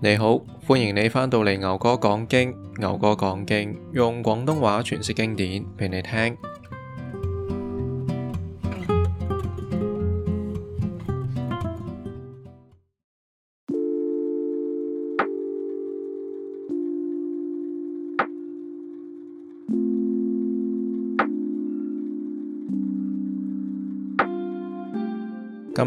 你好，歡迎你翻到嚟牛哥講經。牛哥講經，用廣東話詮釋經典畀你聽。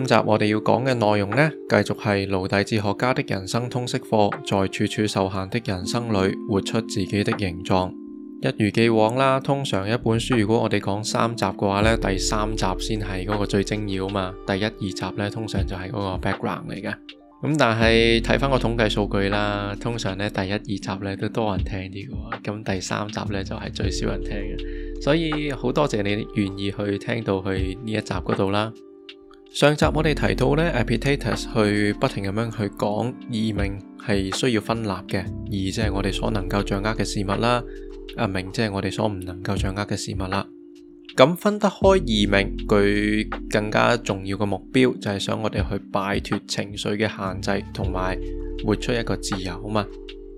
今集我哋要講嘅內容呢，繼續係奴隸哲學家的人生通識課，在處處受限的人生裏，活出自己的形狀。一如既往啦，通常一本書如果我哋講三集嘅話呢，第三集先係嗰個最精要啊嘛，第一二集呢，通常就係嗰個 background 嚟㗎。咁但係睇翻個統計數據啦，通常呢，第一二集呢都多人聽啲嘅，咁第三集呢，就係最少人聽嘅。所以好多謝你願意去聽到去呢一集嗰度啦。上集我哋提到呢啊 Epictetus 去不停咁樣去講，義命係需要分立嘅，義即係我哋所能夠掌握嘅事物啦，啊命即係我哋所唔能夠掌握嘅事物啦。咁分得開義命，佢更加重要嘅目標就係想我哋去擺脫情緒嘅限制，同埋活出一個自由啊嘛。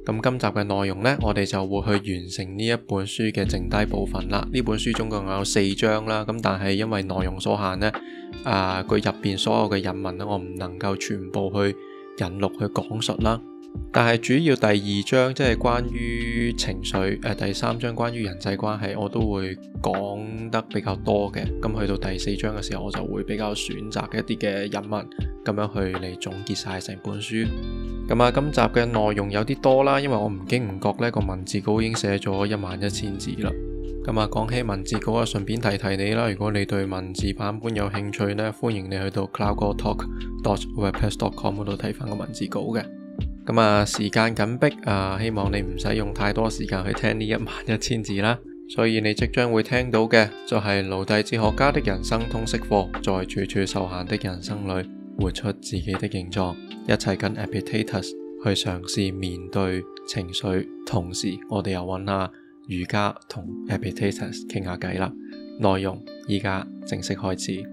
咁今集嘅內容呢，我哋就會去完成呢一本書嘅剩低部分啦。呢本書總共有四章啦，咁但係因為內容所限呢，啊，佢入面所有嘅引文我唔能夠全部去引錄去講述啦。但係主要第二章即係關於情緒，誒、呃、第三章關於人際關係，我都會講得比較多嘅。咁去到第四章嘅時候，我就會比較選擇一啲嘅引文咁樣去嚟總結晒成本書。咁啊，今集嘅內容有啲多啦，因為我唔經唔覺呢個文字稿已經寫咗一萬一千字啦。咁啊，講起文字稿啊，順便提提你啦，如果你對文字版本有興趣呢，歡迎你去到 cowgortalk.wordpress.com 嗰度睇翻個文字稿嘅。咁啊，時間緊迫啊、呃，希望你唔使用，用太多時間去聽呢一萬一千字啦。所以你即將會聽到嘅就係、是、奴隸哲學家的人生通識課，在處處受限的人生裏，活出自己的形狀。一齊跟 Epictetus 去嘗試面對情緒，同時我哋又揾下儒家同 Epictetus 傾下偈啦。內容依家正式開始。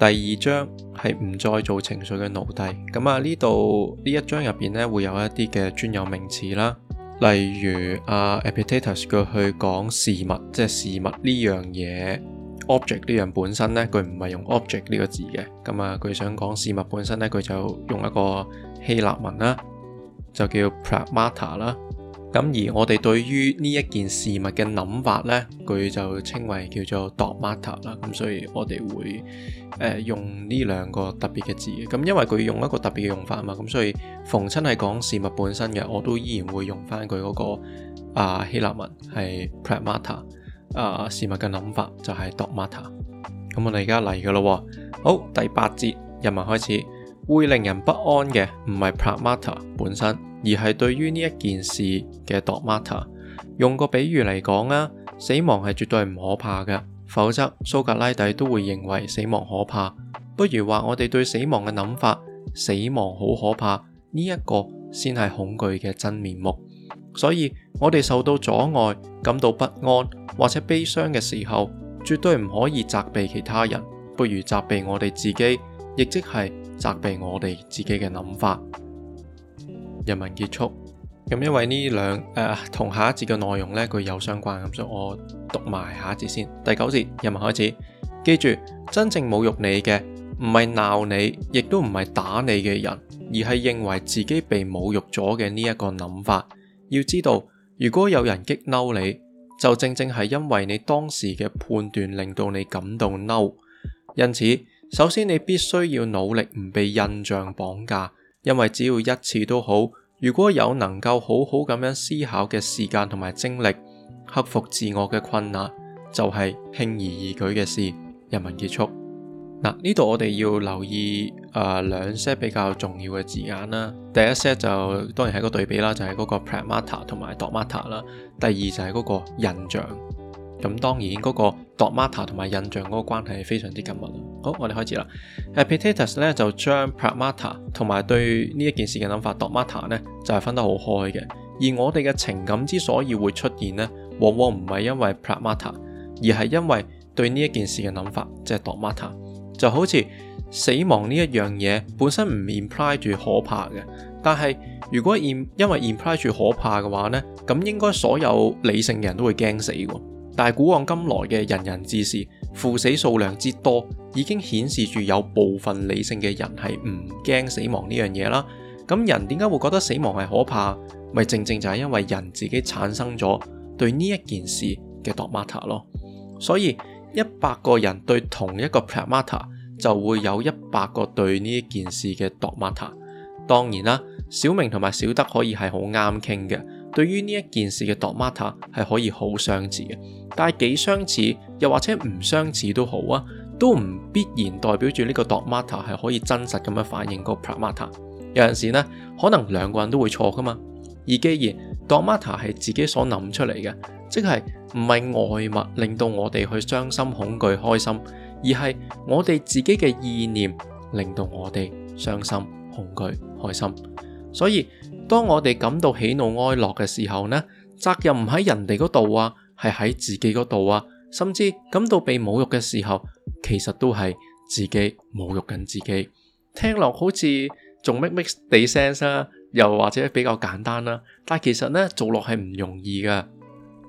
第二章係唔再做情緒嘅奴隸，咁啊呢度呢一章入邊呢會有一啲嘅專有名詞啦，例如阿、uh, Epictetus 佢去講事物，即係事物呢樣嘢 object 呢樣本身呢，佢唔係用 object 呢個字嘅，咁啊佢想講事物本身呢，佢就用一個希臘文啦，就叫 Pragmata 啦。咁而我哋對於呢一件事物嘅諗法呢，佢就稱為叫做 dogmata 啦。咁所以我哋會誒、呃、用呢兩個特別嘅字嘅。咁因為佢用一個特別嘅用法啊嘛，咁所以逢親係講事物本身嘅，我都依然會用翻佢嗰個啊希臘文係 pragmata，啊事物嘅諗法就係 dogmata。咁我哋而家嚟嘅咯，好，第八節日文開始，會令人不安嘅唔係 pragmata 本身。而係對於呢一件事嘅 dogmata 用個比喻嚟講啊，死亡係絕對唔可怕㗎，否則蘇格拉底都會認為死亡可怕。不如話我哋對死亡嘅諗法，死亡好可怕呢一個先係恐懼嘅真面目。所以我哋受到阻礙，感到不安或者悲傷嘅時候，絕對唔可以責備其他人，不如責備我哋自己，亦即係責備我哋自己嘅諗法。人民結束，咁、嗯、因為呢兩誒同下一節嘅內容呢，佢有相關，咁所以我讀埋下一節先。第九節人民開始，記住真正侮辱你嘅唔係鬧你，亦都唔係打你嘅人，而係認為自己被侮辱咗嘅呢一個諗法。要知道，如果有人激嬲你，就正正係因為你當時嘅判斷令到你感到嬲。因此，首先你必須要努力唔被印象綁架，因為只要一次都好。如果有能夠好好咁樣思考嘅時間同埋精力，克服自我嘅困難，就係輕而易舉嘅事。人民結束嗱，呢度我哋要留意啊兩些比較重要嘅字眼啦。第一些就當然係個對比啦，就係嗰個 pragmata 同埋 dogmata 啦。第二就係嗰個印象。咁當然嗰個 dogmata 同埋印象嗰個關係係非常之緊密。好，我哋開始啦。Epictetus 咧就將 pragmata 同埋對呢一件事嘅諗法 dogmata 咧就係、是、分得好開嘅。而我哋嘅情感之所以會出現呢，往往唔係因為 pragmata，而係因為對呢一件事嘅諗法即係、就是、dogmata。就好似死亡呢一樣嘢本身唔 imply 住可怕嘅，但係如果 im, 因為 imply 住可怕嘅話呢，咁應該所有理性嘅人都會驚死喎。但係古往今來嘅仁人志士，赴死數量之多，已經顯示住有部分理性嘅人係唔驚死亡呢樣嘢啦。咁人點解會覺得死亡係可怕？咪、就是、正正就係因為人自己產生咗對呢一件事嘅 dogma 咯。所以一百個人對同一個 pragmata 就會有一百個對呢件事嘅 dogma。當然啦，小明同埋小德可以係好啱傾嘅。對於呢一件事嘅 dogmata 係可以好相似嘅，但係幾相似又或者唔相似都好啊，都唔必然代表住呢個 dogmata 係可以真實咁樣反映個 pragmata。有陣時呢，可能兩個人都會錯㗎嘛。而既然 dogmata 係自己所諗出嚟嘅，即係唔係外物令到我哋去傷心、恐懼、開心，而係我哋自己嘅意念令到我哋傷心、恐懼、開心，所以，當我哋感到喜怒哀樂嘅時候呢，責任唔喺人哋嗰度啊，係喺自己嗰度啊。甚至感到被侮辱嘅時候，其實都係自己侮辱緊自己。聽落好似仲 make make 哋 sense 啦、啊，又或者比較簡單啦、啊。但其實呢，做落係唔容易噶。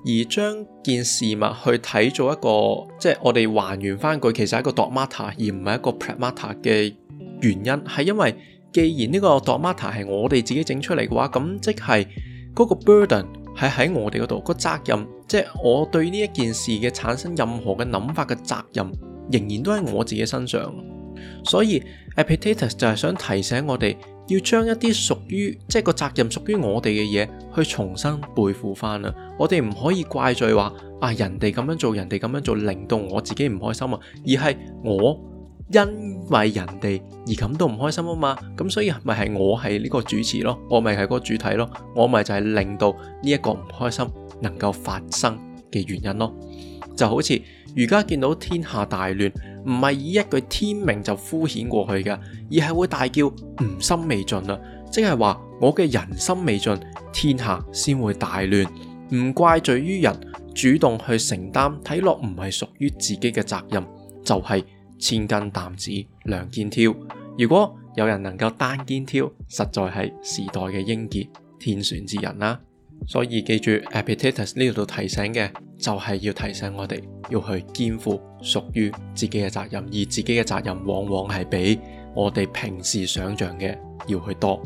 而將件事物去睇做一個，即係我哋還原翻佢，其實係一個 dogmata 而唔係一個 pragmata 嘅原因，係因為。既然呢個 dogmata 係我哋自己整出嚟嘅話，咁即係嗰個 burden 係喺我哋嗰度，個責任即係、就是、我對呢一件事嘅產生任何嘅諗法嘅、那個、責任，仍然都喺我自己身上。所以 Epictetus 就係想提醒我哋，要將一啲屬於即係個責任屬於我哋嘅嘢，去重新背負翻啦。我哋唔可以怪罪話啊人哋咁樣做，人哋咁樣做，令到我自己唔開心啊，而係我。因為人哋而感到唔開心啊嘛，咁所以咪係我係呢個主持咯，我咪係嗰個主體咯，我咪就係令到呢一個唔開心能夠發生嘅原因咯。就好似而家見到天下大亂，唔係以一句天命就敷衍過去噶，而係會大叫唔心未盡啦，即係話我嘅人心未盡，天下先會大亂，唔怪罪於人，主動去承擔，睇落唔係屬於自己嘅責任，就係、是。千斤擔子兩肩挑，如果有人能夠單肩挑，實在係時代嘅英傑、天選之人啦。所以記住 Epictetus 呢度提醒嘅就係、是、要提醒我哋要去肩負屬於自己嘅責任，而自己嘅責任往往係比我哋平時想象嘅要去多。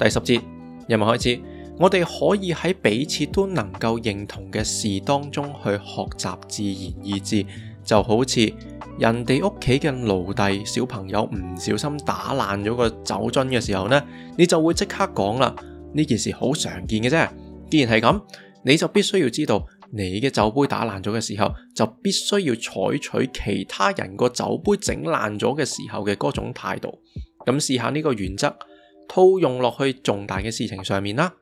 第十節，人民開始，我哋可以喺彼此都能夠認同嘅事當中去學習自然意志，就好似。人哋屋企嘅奴隸小朋友唔小心打爛咗個酒樽嘅時候呢，你就會即刻講啦，呢件事好常見嘅啫。既然係咁，你就必須要知道，你嘅酒杯打爛咗嘅時候，就必須要採取其他人個酒杯整爛咗嘅時候嘅嗰種態度。咁試下呢個原則，套用落去重大嘅事情上面啦。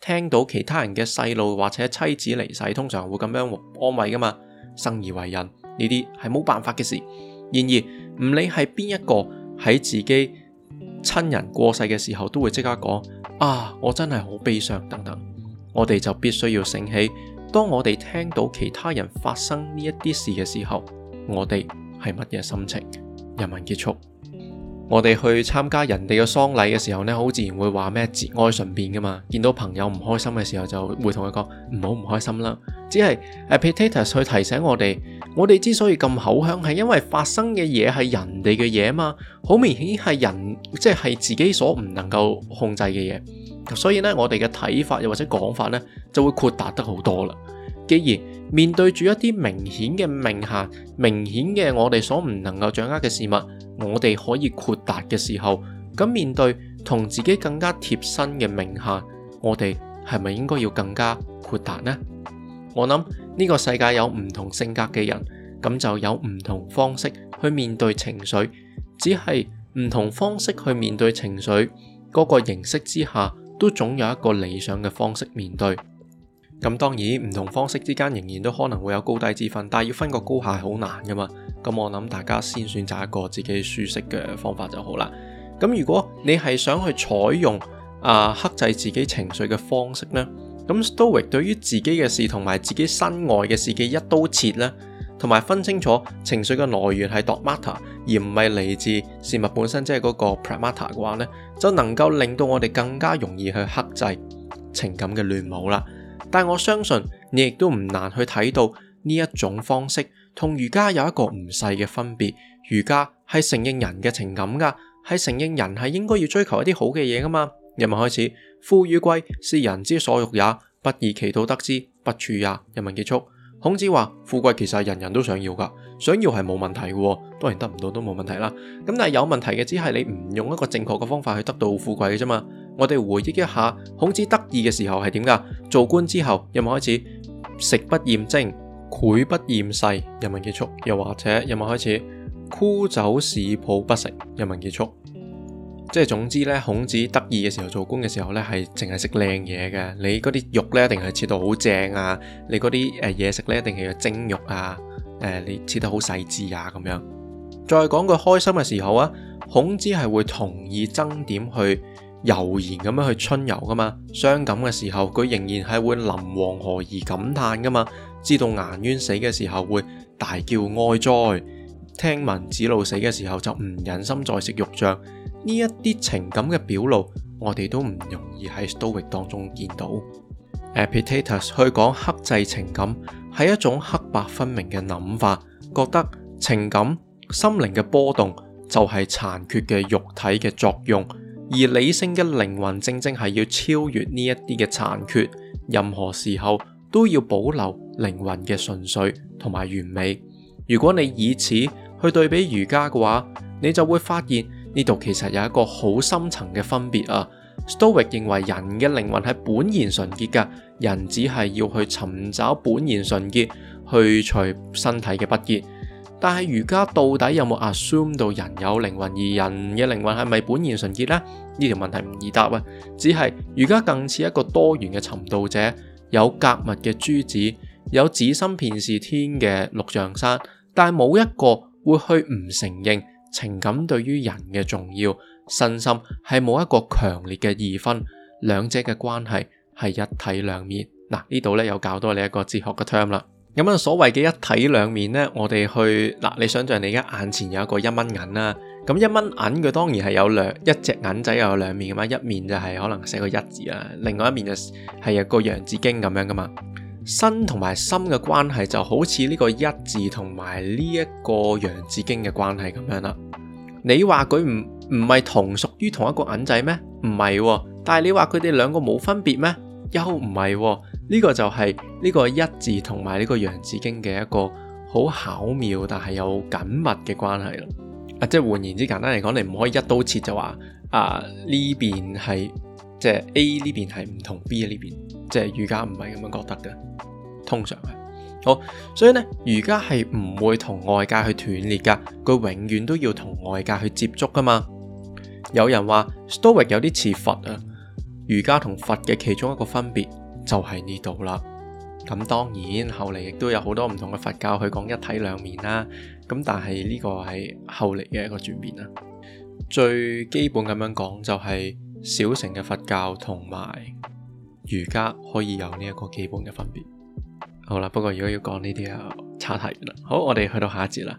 聽到其他人嘅細路或者妻子離世，通常會咁樣安慰噶嘛，生而為人。呢啲係冇辦法嘅事。然而，唔理係邊一個喺自己親人過世嘅時候，都會即刻講：啊，我真係好悲傷等等。我哋就必須要醒起，當我哋聽到其他人發生呢一啲事嘅時候，我哋係乜嘢心情？人民結束。我哋去參加人哋嘅喪禮嘅時候呢，好自然會話咩節哀順變噶嘛。見到朋友唔開心嘅時候，就會同佢講唔好唔開心啦。只係誒 Epictetus 去提醒我哋，我哋之所以咁口香，係因為發生嘅嘢係人哋嘅嘢啊嘛。好明顯係人，即係係自己所唔能夠控制嘅嘢。所以呢，我哋嘅睇法又或者講法呢，就會豁達得好多啦。既然面對住一啲明顯嘅命限、明顯嘅我哋所唔能夠掌握嘅事物。我哋可以豁達嘅時候，咁面對同自己更加貼身嘅名下，我哋係咪應該要更加豁達呢？我諗呢個世界有唔同性格嘅人，咁就有唔同方式去面對情緒，只係唔同方式去面對情緒嗰個形式之下，都總有一個理想嘅方式面對。咁當然唔同方式之間仍然都可能會有高低之分，但係要分個高下係好難噶嘛。咁我諗大家先選擇一個自己舒適嘅方法就好啦。咁如果你係想去採用啊、呃、克制自己情緒嘅方式呢，咁 Stoic 對於自己嘅事同埋自己身外嘅事嘅一刀切呢，同埋分清楚情緒嘅來源係 dogmata 而唔係嚟自事物本身，即係嗰個 pragmata 嘅話呢，就能夠令到我哋更加容易去克制情感嘅亂舞啦。但我相信你亦都唔難去睇到呢一種方式同儒家有一個唔細嘅分別，儒家係承認人嘅情感噶，係承認人係應該要追求一啲好嘅嘢噶嘛。引文開始，富與貴是人之所欲也，不以其道得之，不處也。引文結束，孔子話富貴其實係人人都想要噶，想要係冇問題嘅，當然得唔到都冇問題啦。咁但係有問題嘅只係你唔用一個正確嘅方法去得到富貴嘅啫嘛。我哋回憶一下，孔子得意嘅時候係點噶？做官之後，人民開始食不厭精，膾不厭細。人民結束，又或者人民開始沽酒市脯不食。人民結束，即係總之呢，孔子得意嘅時候，做官嘅時候呢係淨係食靚嘢嘅。你嗰啲肉呢，一定係切到好正啊，你嗰啲誒嘢食呢，一定係要蒸肉啊，誒、呃，你切得好細緻啊。咁樣再講句開心嘅時候啊，孔子係會同意曾點去，悠然咁樣去春遊噶嘛，傷感嘅時候佢仍然係會臨黃河而感嘆噶嘛，知道顏淵死嘅時候會大叫哀哉，聽聞子路死嘅時候就唔忍心再食肉醬，呢一啲情感嘅表露，我哋都唔容易喺 Stoic 當中見到。Epictetus 去講克制情感係一種黑白分明嘅諗法，覺得情感心靈嘅波動就係、是、殘缺嘅肉體嘅作用。而理性嘅靈魂正正係要超越呢一啲嘅殘缺，任何時候都要保留靈魂嘅純粹同埋完美。如果你以此去對比儒家嘅話，你就會發現呢度其實有一個好深層嘅分別啊。Stoic 認為人嘅靈魂係本然純潔噶，人只係要去尋找本然純潔，去除身體嘅不潔。但係儒家到底有冇 assume 到人有靈魂，而人嘅靈魂係咪本然純潔呢？呢條問題唔易答啊！只係儒家更似一個多元嘅尋道者，有格物嘅朱子，有子心便是天嘅陸象山，但係冇一個會去唔承認情感對於人嘅重要，身心係冇一個強烈嘅二分，兩者嘅關係係一體兩面。嗱、啊，呢度呢，有教多你一個哲學嘅 term 啦。咁啊，所謂嘅一體兩面呢，我哋去嗱，你想象你而家眼前有一個一蚊銀啦，咁一蚊銀佢當然係有兩一隻銀仔又有兩面噶嘛，一面就係可能寫個一字啊，另外一面就係一個洋紫荊咁樣噶嘛，身同埋心嘅關係就好似呢個一字同埋呢一個洋紫荊嘅關係咁樣啦。你話佢唔唔係同屬於同一個銀仔咩？唔係、哦，但係你話佢哋兩個冇分別咩？又唔係、哦。呢個就係呢個一字同埋呢個《楊子經》嘅一個好巧妙，但係有緊密嘅關係啦。啊，即係換言之，簡單嚟講，你唔可以一刀切就話啊呢邊係即係 A 呢邊係唔同 B 呢邊。即係儒家唔係咁樣覺得嘅，通常係。好，所以呢，儒家係唔會同外界去斷裂噶，佢永遠都要同外界去接觸噶嘛。有人話 Stoic 有啲似佛啊，儒家同佛嘅其中一個分別。就喺呢度啦。咁當然後嚟亦都有好多唔同嘅佛教去講一體兩面啦。咁但係呢個係後嚟嘅一個轉變啦。最基本咁樣講就係小乘嘅佛教同埋儒家可以有呢一個基本嘅分別。好啦，不過如果要講呢啲啊，差太遠啦。好，我哋去到下一節啦，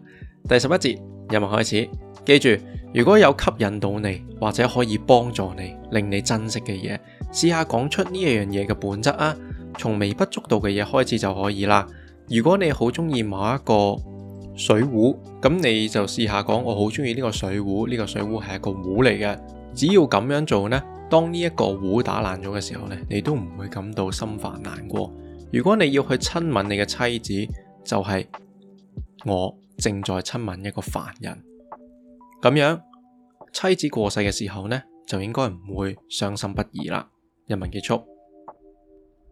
第十一節又咪開始。記住。如果有吸引到你或者可以幫助你令你珍惜嘅嘢，試下講出呢一樣嘢嘅本質啊！從微不足道嘅嘢開始就可以啦。如果你好中意某一個水壺，咁你就試下講：我好中意呢個水壺，呢個水壺係一個壺嚟嘅。只要咁樣做呢，當呢一個壺打爛咗嘅時候呢，你都唔會感到心煩難過。如果你要去親吻你嘅妻子，就係我正在親吻一個凡人。咁樣，妻子過世嘅時候呢，就應該唔會傷心不已啦。人民結束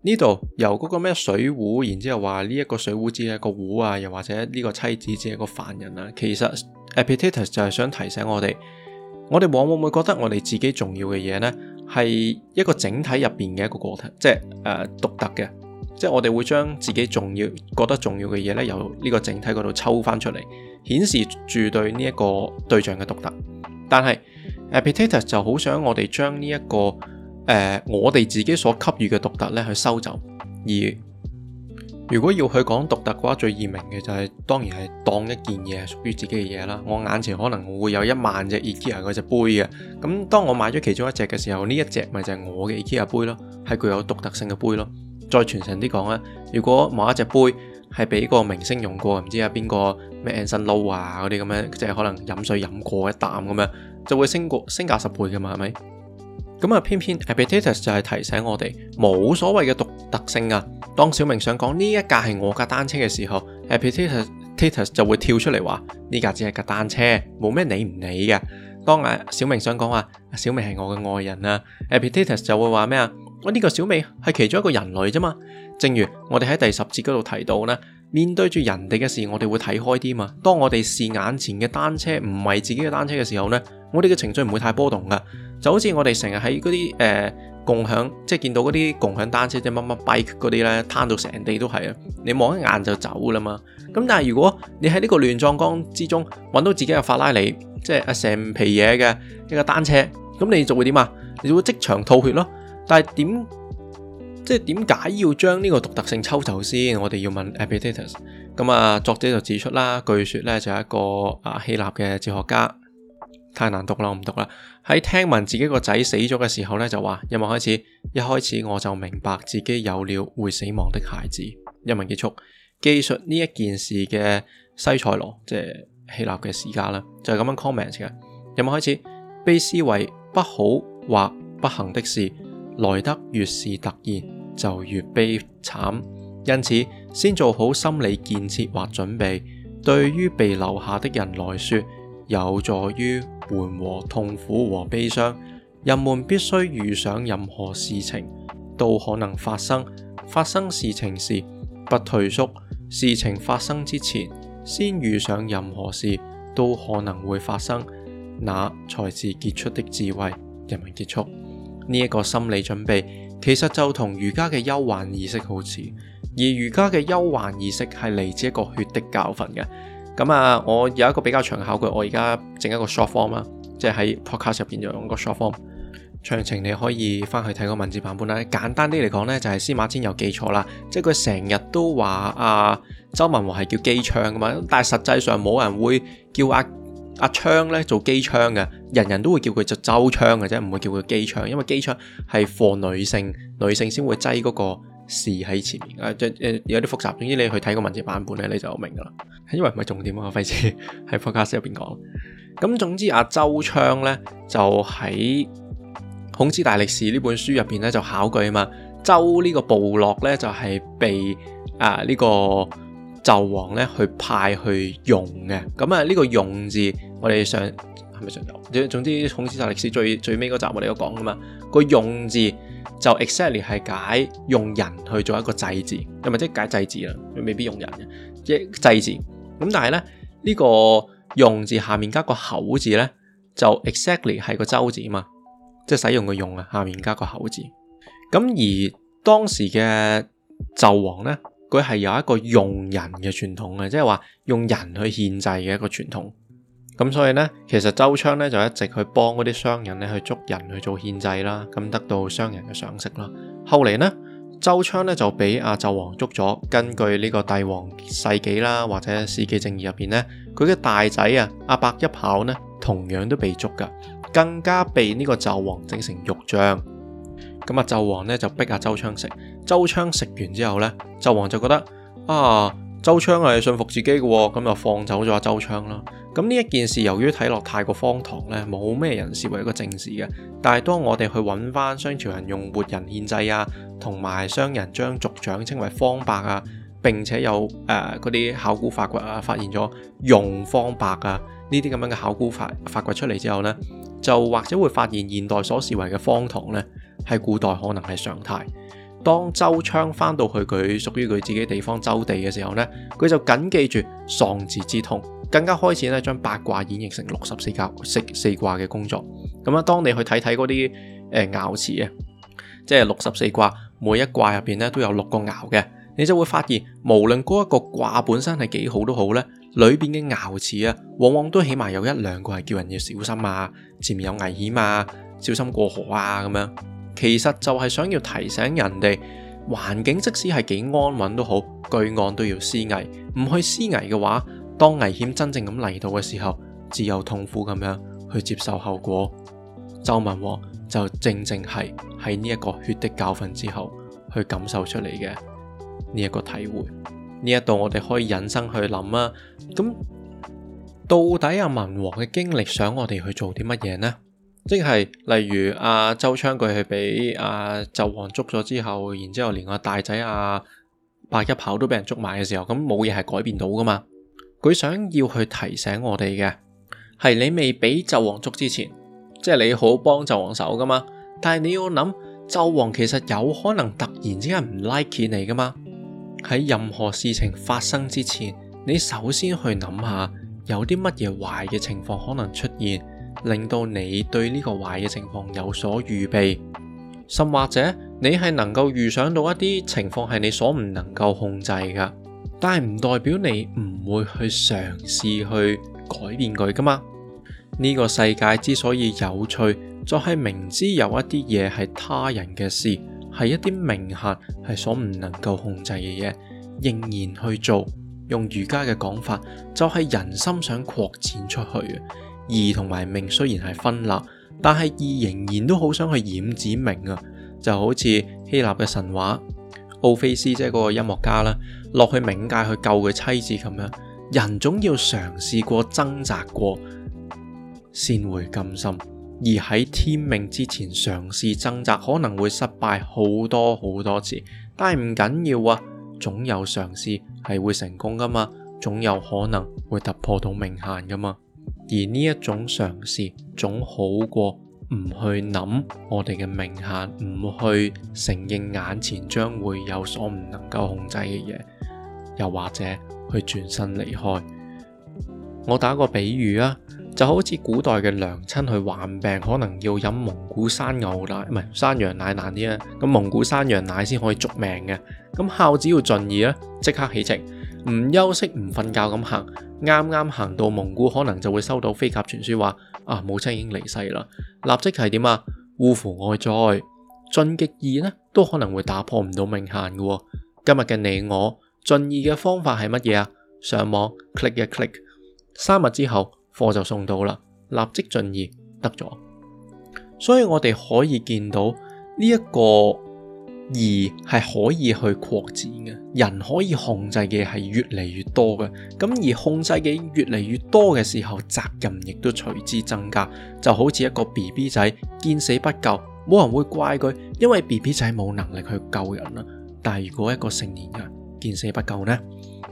呢度由嗰個咩水壺，然之後話呢一個水壺只係一個壺啊，又或者呢個妻子只係一個凡人啊，其實 Epictetus 就係想提醒我哋，我哋往往會覺得我哋自己重要嘅嘢呢，係一個整體入邊嘅一個個體，即係誒、呃、獨特嘅。即係我哋會將自己重要、覺得重要嘅嘢咧，由呢個整體嗰度抽翻出嚟，顯示住對呢一個對象嘅獨特。但係、 uh, Epictetus 就好想我哋將呢、這、一個誒、呃、我哋自己所給予嘅獨特咧去收走。而如果要去講獨特嘅話，最易明嘅就係、是、當然係當一件嘢係屬於自己嘅嘢啦。我眼前可能會有一萬隻 IKEA 嗰隻杯嘅，咁當我買咗其中一隻嘅時候，呢一隻咪就係我嘅 IKEA 杯咯，係具有獨特性嘅杯咯。再傳神啲講啊！如果某一隻杯係俾個明星用過，唔知啊邊個咩 Anson Lo 啊嗰啲咁樣，即係可能飲水飲過一啖咁樣，就會升過升價十倍嘅嘛，係咪？咁啊，偏偏 Epictetus 就係提醒我哋冇所謂嘅獨特性啊！當小明想講呢一架係我架單車嘅時候，Epictetus 就會跳出嚟話：呢架只係架單車，冇咩你唔你嘅。當小明想講話小明係我嘅愛人啊，Epictetus 就會話咩啊？我呢個小美係其中一個人類啫嘛，正如我哋喺第十節嗰度提到呢，面對住人哋嘅事，我哋會睇開啲嘛。當我哋視眼前嘅單車唔係自己嘅單車嘅時候呢，我哋嘅情緒唔會太波動噶。就好似我哋成日喺嗰啲誒共享，即係見到嗰啲共享單車即係乜乜 bike 嗰啲呢，攤到成地都係啊，你望一眼就走啦嘛。咁但係如果你喺呢個亂葬崗之中搵到自己嘅法拉利，即係啊成皮嘢嘅一個單車，咁你就會點啊？你會即場吐血咯。但係點即係點解要將呢個獨特性抽走先？我哋要問 Epictetus 咁啊。作者就指出啦，據說呢就係，一個啊希臘嘅哲學家太難讀啦，我唔讀啦。喺聽聞自己個仔死咗嘅時候呢，就話：一文開始，一開始我就明白自己有了會死亡的孩子。一文結束，記述呢一件事嘅西塞羅，即係希臘嘅史家啦，就係咁樣 comment 嘅。一文開始，被視為不好或不幸的事。.來得越是突然，就越悲慘。因此，先做好心理建設或準備，對於被留下的人來說，有助於緩和痛苦和悲傷。人們必須遇上任何事情，都可能發生。發生事情時，不退縮。事情發生之前，先遇上任何事，都可能會發生。那才是傑出的智慧。人民結束。呢一個心理準備其實就同儒家嘅憂患意識好似，而儒家嘅憂患意識係嚟自一個血的教訓嘅。咁啊，我有一個比較長考據，我而家整一個 short form 啦，即係喺 podcast 入邊用個 short form。詳情你可以翻去睇個文字版本啦。簡單啲嚟講呢，就係、是、司馬遷有記錯啦，即係佢成日都話啊，周文王係叫姬昌噶嘛，但係實際上冇人會叫阿、啊。阿、啊、昌咧做姬昌嘅，人人都會叫佢做周昌嘅啫，唔會叫佢姬昌，因為姬昌係放女性，女性先會擠嗰個事喺前面啊！即、呃呃、有啲複雜，總之你去睇個文字版本咧，你就明噶啦。因為唔係重點啊，費事喺 podcast 入邊講。咁總之阿、啊、周昌咧就喺《孔子大歷史》呢本書入邊咧就考據啊嘛，周呢個部落咧就係、是、被啊呢、這個。紂王咧去派去用嘅，咁啊呢個用字，我哋上係咪上到？總之，孔子讀歷史最最尾嗰集我哋都講噶嘛，呢個用字就 exactly 係解用人去做一個製字，又咪即係解製字啦，又未必用人嘅，即係製字。咁、嗯、但係咧呢、呢個用字下面加個口字咧，就 exactly 係個周字啊嘛，即係使用個用啊，下面加個口字。咁、嗯、而當時嘅紂王咧。佢係有一個用人嘅傳統嘅，即係話用人去獻祭嘅一個傳統。咁所以呢，其實周昌呢就一直去幫嗰啲商人咧去捉人去做獻祭啦，咁得到商人嘅賞識啦。後嚟呢，周昌呢就俾阿紂王捉咗。根據呢個帝王世紀啦，或者史記正義入邊呢，佢嘅大仔啊，阿伯一跑呢同樣都被捉噶，更加被呢個紂王整成肉醬。咁啊，紂王呢，就逼阿周昌食。周昌食完之後呢，紂王就覺得啊，周昌係信服自己嘅，哦，咁就放走咗阿周昌啦。咁呢一件事，由於睇落太過荒唐呢，冇咩人視為一個正史嘅。但係當我哋去揾翻商朝人用活人獻祭啊，同埋商人將族長稱為方伯啊，並且有誒嗰啲考古發掘啊，發現咗用方伯啊呢啲咁樣嘅考古發發掘出嚟之後呢，就或者會發現現代所視為嘅荒唐呢。係古代可能係常態。當周昌翻到去佢屬於佢自己地方周地嘅時候呢，佢就緊記住喪子之痛，更加開始咧將八卦演繹成六十四卦四四卦嘅工作。咁、嗯、啊，當你去睇睇嗰啲誒爻辭啊，即係六十四卦每一卦入邊咧都有六個爻嘅，你就會發現，無論嗰一個卦本身係幾好都好呢裏邊嘅爻辭啊，往往都起碼有一兩個係叫人要小心啊，前面有危險啊，小心過河啊，咁樣。其實就係想要提醒人哋，環境即使係幾安穩都好，居安都要思危。唔去思危嘅話，當危險真正咁嚟到嘅時候，只有痛苦咁樣去接受後果。周文王就正正係喺呢一個血的教訓之後，去感受出嚟嘅呢一個體會。呢一度我哋可以引申去諗啊，咁到底阿文王嘅經歷，想我哋去做啲乜嘢呢？即係例如阿、啊、周昌佢係俾阿紂王捉咗之後，然之後連個大仔阿伯、啊、邑考都俾人捉埋嘅時候，咁冇嘢係改變到噶嘛？佢想要去提醒我哋嘅係，你未俾紂王捉之前，即係你好幫紂王手噶嘛？但係你要諗紂王其實有可能突然之間唔 like 你噶嘛？喺任何事情發生之前，你首先去諗下有啲乜嘢壞嘅情況可能出現。令到你對呢個壞嘅情況有所預備，甚或者你係能夠預想到一啲情況係你所唔能夠控制噶，但係唔代表你唔會去嘗試去改變佢噶嘛。呢、這個世界之所以有趣，就係明知有一啲嘢係他人嘅事，係一啲名客係所唔能夠控制嘅嘢，仍然去做。用儒家嘅講法，就係人心想擴展出去。義同埋命雖然係分立，但係義仍然都好想去染指命啊！就好似希臘嘅神話，奧菲斯即係嗰個音樂家啦，落去冥界去救佢妻子咁樣。人總要嘗試過掙扎過，先會甘心。而喺天命之前嘗試掙扎，可能會失敗好多好多次，但係唔緊要啊，總有嘗試係會成功噶嘛，總有可能會突破到命限噶嘛。而呢一種嘗試總好過唔去諗我哋嘅命限，唔去承認眼前將會有所唔能夠控制嘅嘢，又或者去轉身離開。我打個比喻啊，就好似古代嘅娘親去患病，可能要飲蒙古山牛奶，唔係山羊奶難啲啊。咁蒙古山羊奶先可以續命嘅。咁孝子要盡義啦，即刻起程。唔休息唔瞓覺咁行，啱啱行到蒙古，可能就會收到飛鴿傳書話：啊，母親已經離世啦！立即係點啊？護符外在盡極二呢都可能會打破唔到命限嘅喎。今日嘅你我盡二嘅方法係乜嘢啊？上網 click 一 click，三日之後貨就送到啦，立即盡二，得咗。所以我哋可以見到呢一個。而係可以去擴展嘅，人可以控制嘅係越嚟越多嘅。咁而控制嘅越嚟越多嘅時候，責任亦都隨之增加。就好似一個 B B 仔見死不救，冇人會怪佢，因為 B B 仔冇能力去救人啦。但係如果一個成年人見死不救呢？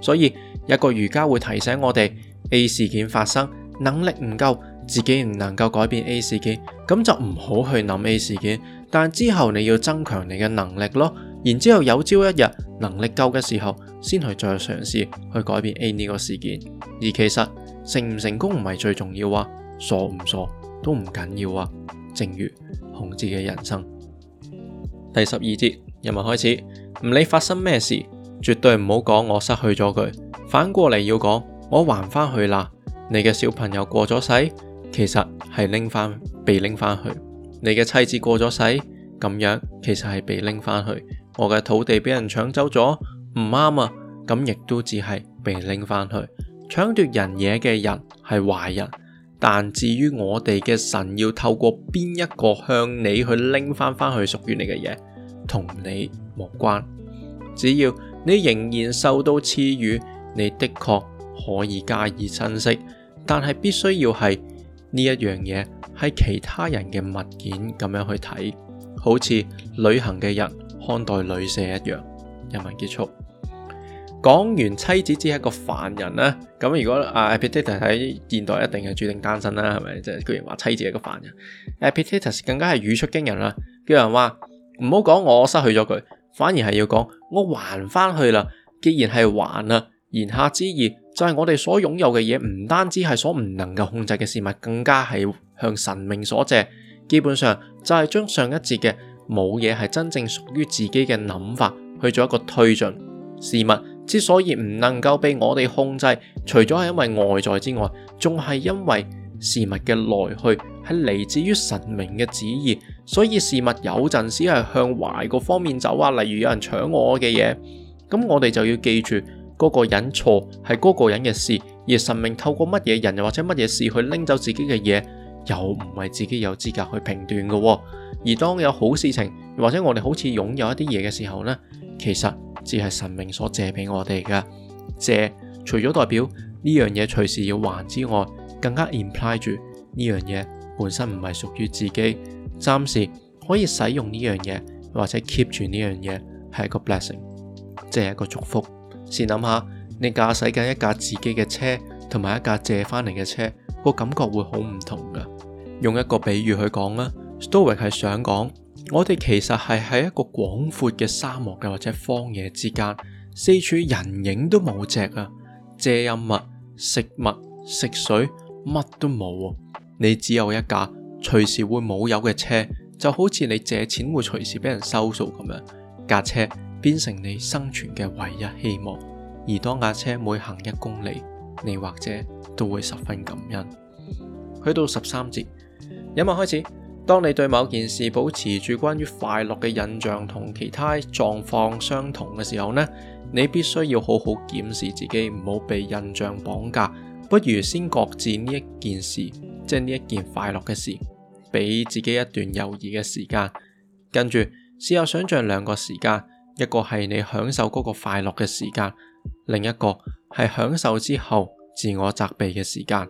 所以有個瑜伽會提醒我哋，A 事件發生，能力唔夠，自己唔能夠改變 A 事件，咁就唔好去諗 A 事件。但之後你要增強你嘅能力咯，然之後有朝一日能力夠嘅時候，先去再嘗試去改變 A 呢個事件。而其實成唔成功唔係最重要啊，傻唔傻都唔緊要啊。正如孔子嘅人生。第十二節，又咪開始，唔理發生咩事，絕對唔好講我失去咗佢，反過嚟要講我還翻去啦。你嘅小朋友過咗世，其實係拎翻被拎翻去。你嘅妻子過咗世，咁樣其實係被拎翻去。我嘅土地俾人搶走咗，唔啱啊！咁亦都只係被拎翻去。搶奪人嘢嘅人係壞人。但至於我哋嘅神要透過邊一個向你去拎翻翻去屬於你嘅嘢，同你無關。只要你仍然受到賜予，你的確可以加以珍惜。但係必須要係。呢一樣嘢係其他人嘅物件咁樣去睇，好似旅行嘅人看待旅舍一樣。人文結束，講完妻子只係一個凡人啦。咁如果阿 Epictetus 喺現代一定係注定單身啦，係咪？即係居然話妻子係一個凡人。Epictetus，就是，更加係語出驚人啦，叫人話唔好講我失去咗佢，反而係要講我還返去啦。既然係還啊，言下之意。就係我哋所擁有嘅嘢，唔單止係所唔能夠控制嘅事物，更加係向神明所借。基本上就係將上一節嘅冇嘢係真正屬於自己嘅諗法去做一個推進。事物之所以唔能夠被我哋控制，除咗係因為外在之外，仲係因為事物嘅來去係嚟自於神明嘅旨意。所以事物有陣時係向壞個方面走啊，例如有人搶我嘅嘢，咁我哋就要記住。嗰個人錯係嗰個人嘅事，而神明透過乜嘢人又或者乜嘢事去拎走自己嘅嘢，又唔係自己有資格去評斷嘅。而當有好事情或者我哋好似擁有一啲嘢嘅時候呢，其實只係神明所借俾我哋嘅。借除咗代表呢樣嘢隨時要還之外，更加 imply 住呢樣嘢本身唔係屬於自己，暫時可以使用呢樣嘢或者 keep 住呢樣嘢係一個 blessing，借一個祝福。試諗下，你駕駛緊一架自己嘅車，同埋一架借翻嚟嘅車，個感覺會好唔同噶。用一個比喻去講啦，Stoic 係想講，我哋其實係喺一個廣闊嘅沙漠嘅或者荒野之間，四處人影都冇隻啊，遮陰物、食物、食水，乜都冇。你只有一架隨時會冇油嘅車，就好似你借錢會隨時俾人收數咁樣，架車變成你生存嘅唯一希望。而當架車每行一公里，你或者都會十分感恩。去到十三節，引文開始，當你對某件事保持住關於快樂嘅印象，同其他狀況相同嘅時候呢，你必須要好好檢視自己，唔好被印象綁架。不如先擱置呢一件事，即係呢一件快樂嘅事，俾自己一段猶疑嘅時間，跟住試下想象兩個時間。一個係你享受嗰個快樂嘅時間，另一個係享受之後自我責備嘅時間。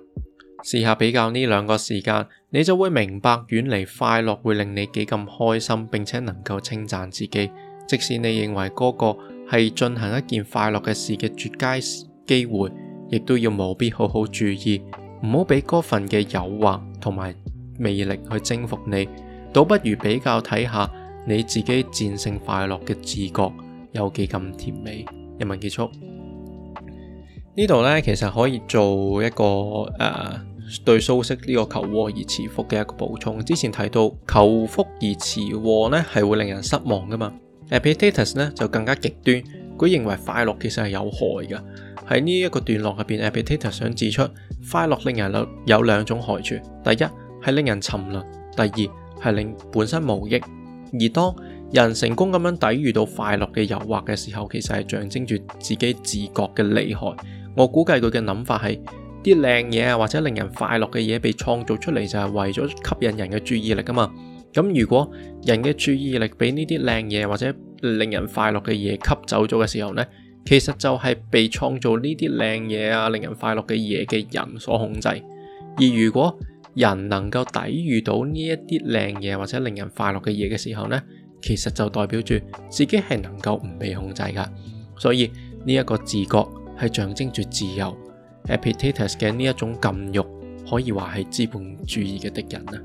試下比較呢兩個時間，你就會明白遠離快樂會令你幾咁開心，並且能夠稱讚自己。即使你認為嗰個係進行一件快樂嘅事嘅絕佳機會，亦都要務必好好注意，唔好俾嗰份嘅誘惑同埋魅力去征服你。倒不如比較睇下。你自己戰勝快樂嘅自覺有幾咁甜美？人民結束呢度呢，其實可以做一個誒、uh, 對蘇軾呢個求禍而辭福嘅一個補充。之前提到求福而辭禍呢係會令人失望噶嘛。誒，Epictetus 呢就更加極端，佢認為快樂其實係有害噶。喺呢一個段落入邊，Epictetus 想指出快樂令人有有兩種害處：第一係令人沉淪，第二係令本身無益。而當人成功咁樣抵禦到快樂嘅誘惑嘅時候，其實係象徵住自己自覺嘅厲害。我估計佢嘅諗法係啲靚嘢啊，或者令人快樂嘅嘢被創造出嚟就係為咗吸引人嘅注意力㗎嘛。咁如果人嘅注意力俾呢啲靚嘢或者令人快樂嘅嘢吸走咗嘅時候呢，其實就係被創造呢啲靚嘢啊、令人快樂嘅嘢嘅人所控制。而如果人能夠抵禦到呢一啲靚嘢或者令人快樂嘅嘢嘅時候呢，其實就代表住自己係能夠唔被控制噶。所以呢一個自覺係象徵住自由。Epictetus 嘅呢一種禁欲，可以話係資本主義嘅敵人啊。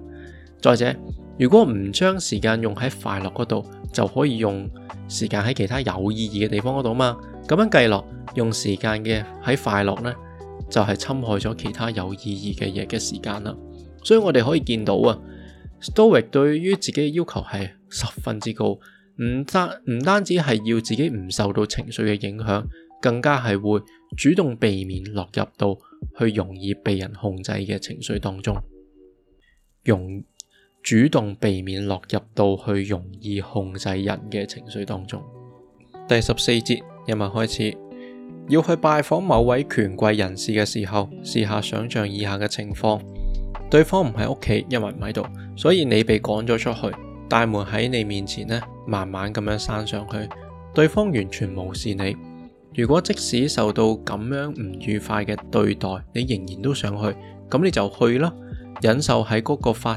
再者，如果唔將時間用喺快樂嗰度，就可以用時間喺其他有意義嘅地方嗰度嘛。咁樣計落，用時間嘅喺快樂呢，就係侵害咗其他有意義嘅嘢嘅時間啦。所以我哋可以見到啊 Stoic 對於自己嘅要求係十分之高，唔單唔單止係要自己唔受到情緒嘅影響，更加係會主動避免落入到去容易被人控制嘅情緒當中，容主動避免落入到去容易控制人嘅情緒當中。第十四節一問開始，要去拜訪某位權貴人士嘅時候，試下想象以下嘅情況。對方唔喺屋企，因為唔喺度，所以你被趕咗出去。大門喺你面前咧，慢慢咁樣閂上去。對方完全無視你。如果即使受到咁樣唔愉快嘅對待，你仍然都想去，咁你就去啦。忍受喺嗰個發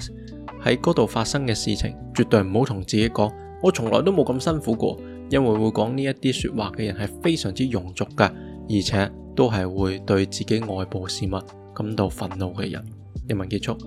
喺度發生嘅事情，絕對唔好同自己講，我從來都冇咁辛苦過。因為會講呢一啲說話嘅人係非常之庸俗噶，而且都係會對自己外部事物感到憤怒嘅人。一文結束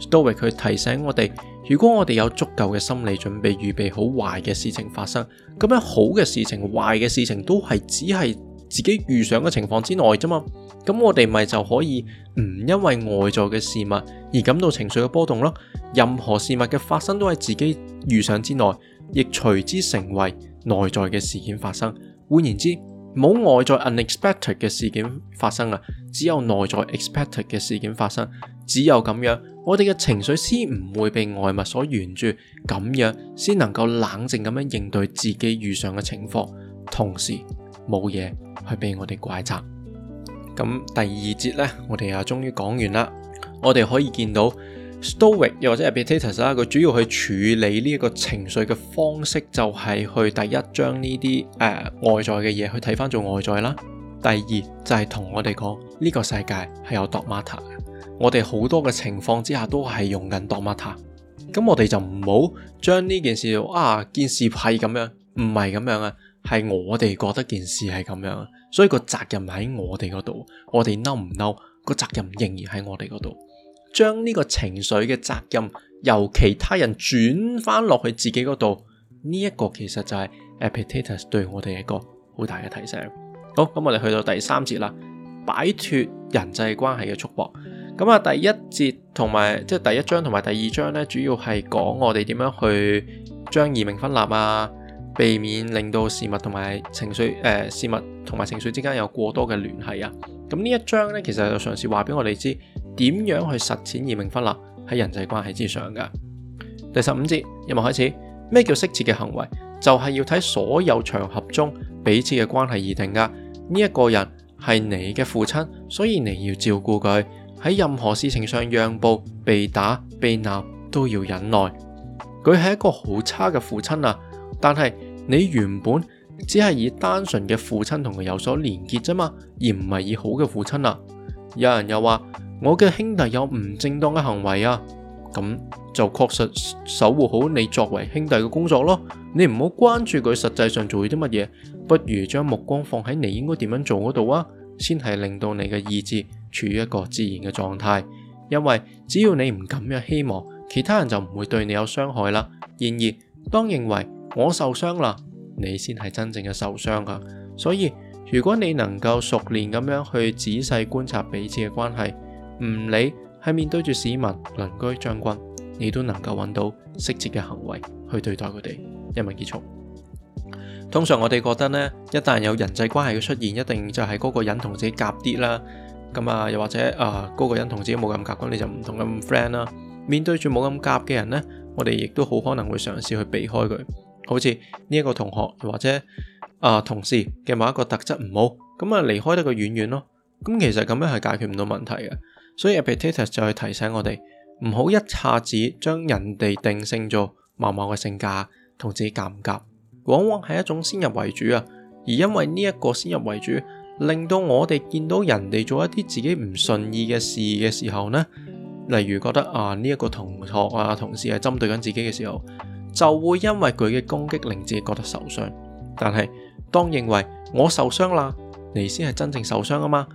Stoic 佢提醒我哋，如果我哋有足夠嘅心理準備，預備好壞嘅事情發生，咁樣好嘅事情、壞嘅事情都係只係自己遇上嘅情況之內啫嘛。咁我哋咪就可以唔因為外在嘅事物而感到情緒嘅波動咯。任何事物嘅發生都係自己遇上之內，亦隨之成為內在嘅事件發生。換言之，冇外在 unexpected 嘅事件發生啊，只有內在 expected 嘅事件發生。只有咁樣，我哋嘅情緒先唔會被外物所懸住，咁樣先能夠冷靜咁樣應對自己遇上嘅情況，同時冇嘢去俾我哋怪責。咁第二節呢，我哋又終於講完啦。我哋可以見到 Stoic 又或者 Epictetus，佢主要去處理呢一個情緒嘅方式，就係去第一，將呢啲誒外在嘅嘢去睇翻做外在啦；第二就係同我哋講呢個世界係有 Dogma。我哋好多嘅情況之下都係用緊 data，o m 咁我哋就唔好將呢件事啊，件事係咁樣，唔係咁樣啊，係我哋覺得件事係咁樣，所以個責任喺我哋嗰度，我哋嬲唔嬲個責任仍然喺我哋嗰度，將呢個情緒嘅責任由其他人轉翻落去自己嗰度，呢、這、一個其實就係 a p p e t a t u s 對我哋一個好大嘅提醒。好，咁我哋去到第三節啦，擺脱人際關係嘅束縛。咁啊，第一節同埋即係第一章同埋第二章咧，主要係講我哋點樣去將移名分立啊，避免令到事物同埋情緒誒、呃、事物同埋情緒之間有過多嘅聯繫啊。咁呢一章咧，其實就嘗試話俾我哋知點樣去實踐移名分立喺人際關係之上噶。第十五節入面開始，咩叫適切嘅行為？就係、是、要睇所有場合中彼此嘅關係而定噶。呢、這、一個人係你嘅父親，所以你要照顧佢。喺任何事情上讓步，被打、被鬧都要忍耐。佢係一個好差嘅父親啊！但係你原本只係以單純嘅父親同佢有所連結啫嘛，而唔係以好嘅父親啊。有人又話：我嘅兄弟有唔正當嘅行為啊，咁就確實守護好你作為兄弟嘅工作咯。你唔好關注佢實際上做咗啲乜嘢，不如將目光放喺你應該點樣做嗰度啊，先係令到你嘅意志。處於一個自然嘅狀態，因為只要你唔咁樣希望，其他人就唔會對你有傷害啦。然而，當認為我受傷啦，你先係真正嘅受傷啊！所以，如果你能夠熟練咁樣去仔細觀察彼此嘅關係，唔理係面對住市民、鄰居、將軍，你都能夠揾到適切嘅行為去對待佢哋。一文結束。通常我哋覺得呢，一旦有人際關係嘅出現，一定就係嗰個人同自己夾啲啦。咁啊，又或者啊，嗰、呃、個人同自己冇咁夾，咁你就唔同咁 friend 啦，啊。面對住冇咁夾嘅人呢，我哋亦都好可能會嘗試去避開佢。好似呢一個同學又或者啊、呃、同事嘅某一個特質唔好，咁啊離開得佢遠遠咯。咁其實咁樣係解決唔到問題嘅。所以 Epictetus 就係提醒我哋，唔好一下子將人哋定性做某某嘅性格同自己夾唔夾，往往係一種先入為主啊。而因為呢一個先入為主。令到我哋見到人哋做一啲自己唔順意嘅事嘅時候呢，例如覺得啊呢一個同學啊同事係針對緊自己嘅時候，就會因為佢嘅攻擊令自己覺得受傷。但係當認為我受傷啦，你先係真正受傷啊嘛。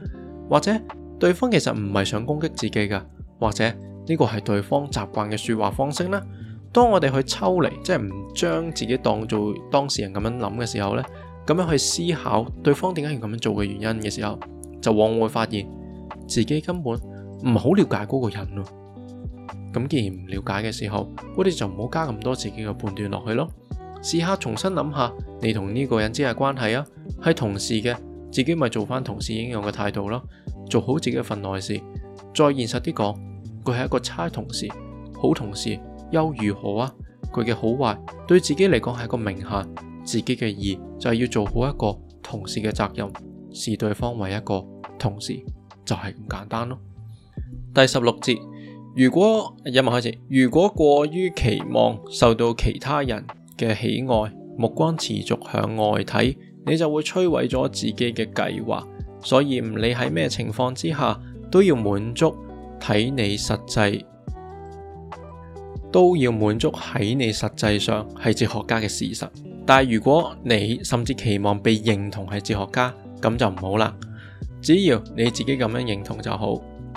或者對方其實唔係想攻擊自己噶，或者呢個係對方習慣嘅說話方式呢？當我哋去抽離，即係唔將自己當做當事人咁樣諗嘅時候呢。咁樣去思考對方點解要咁樣做嘅原因嘅時候，就往往會發現自己根本唔好了解嗰個人咯。咁既然唔了解嘅時候，我哋就唔好加咁多自己嘅判斷落去咯。試下重新諗下你同呢個人之間嘅關係啊，係同事嘅，自己咪做翻同事應有嘅態度咯，做好自己嘅份內事。再現實啲講，佢係一個差同事、好同事又如何啊？佢嘅好壞對自己嚟講係一個明限。自己嘅意就係、是、要做好一個同事嘅責任，視對方為一個同事就係、是、咁簡單咯。第十六節，如果飲埋開始，如果過於期望受到其他人嘅喜愛，目光持續向外睇，你就會摧毀咗自己嘅計劃。所以唔理喺咩情況之下，都要滿足睇你實際，都要滿足喺你實際上係哲學家嘅事實。但如果你甚至期望被認同係哲學家，咁就唔好啦。只要你自己咁樣認同就好，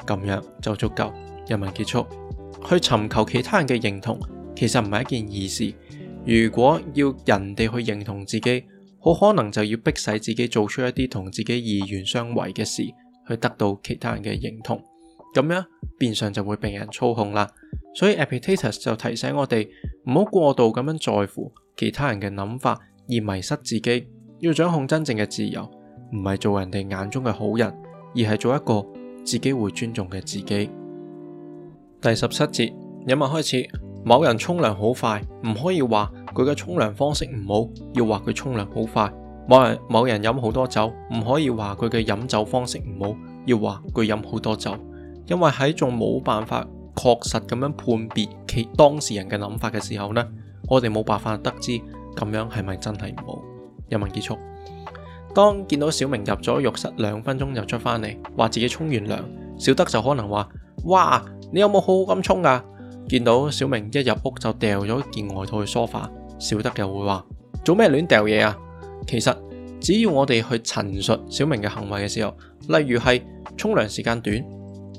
咁樣就足夠。一文結束，去尋求其他人嘅認同，其實唔係一件易事。如果要人哋去認同自己，好可能就要逼使自己做出一啲同自己意願相違嘅事，去得到其他人嘅認同。咁樣變相就會被人操控啦。所以 Epictetus 就提醒我哋唔好過度咁樣在乎，其他人嘅諗法而迷失自己，要掌控真正嘅自由，唔係做人哋眼中嘅好人，而係做一個自己會尊重嘅自己。第十七節，飲物開始。某人沖涼好快，唔可以話佢嘅沖涼方式唔好，要話佢沖涼好快。某人某人飲好多酒，唔可以話佢嘅飲酒方式唔好，要話佢飲好多酒。因為喺仲冇辦法確實咁樣判別其當事人嘅諗法嘅時候呢，我哋冇辦法得知咁樣係咪真係唔好。一問結束，當見到小明入咗浴室兩分鐘就出翻嚟，話自己沖完涼，小德就可能話：哇，你有冇好好咁沖噶、啊？見到小明一入屋就掉咗件外套去梳化，小德又會話：做咩亂掉嘢啊？其實只要我哋去陳述小明嘅行為嘅時候，例如係沖涼時間短，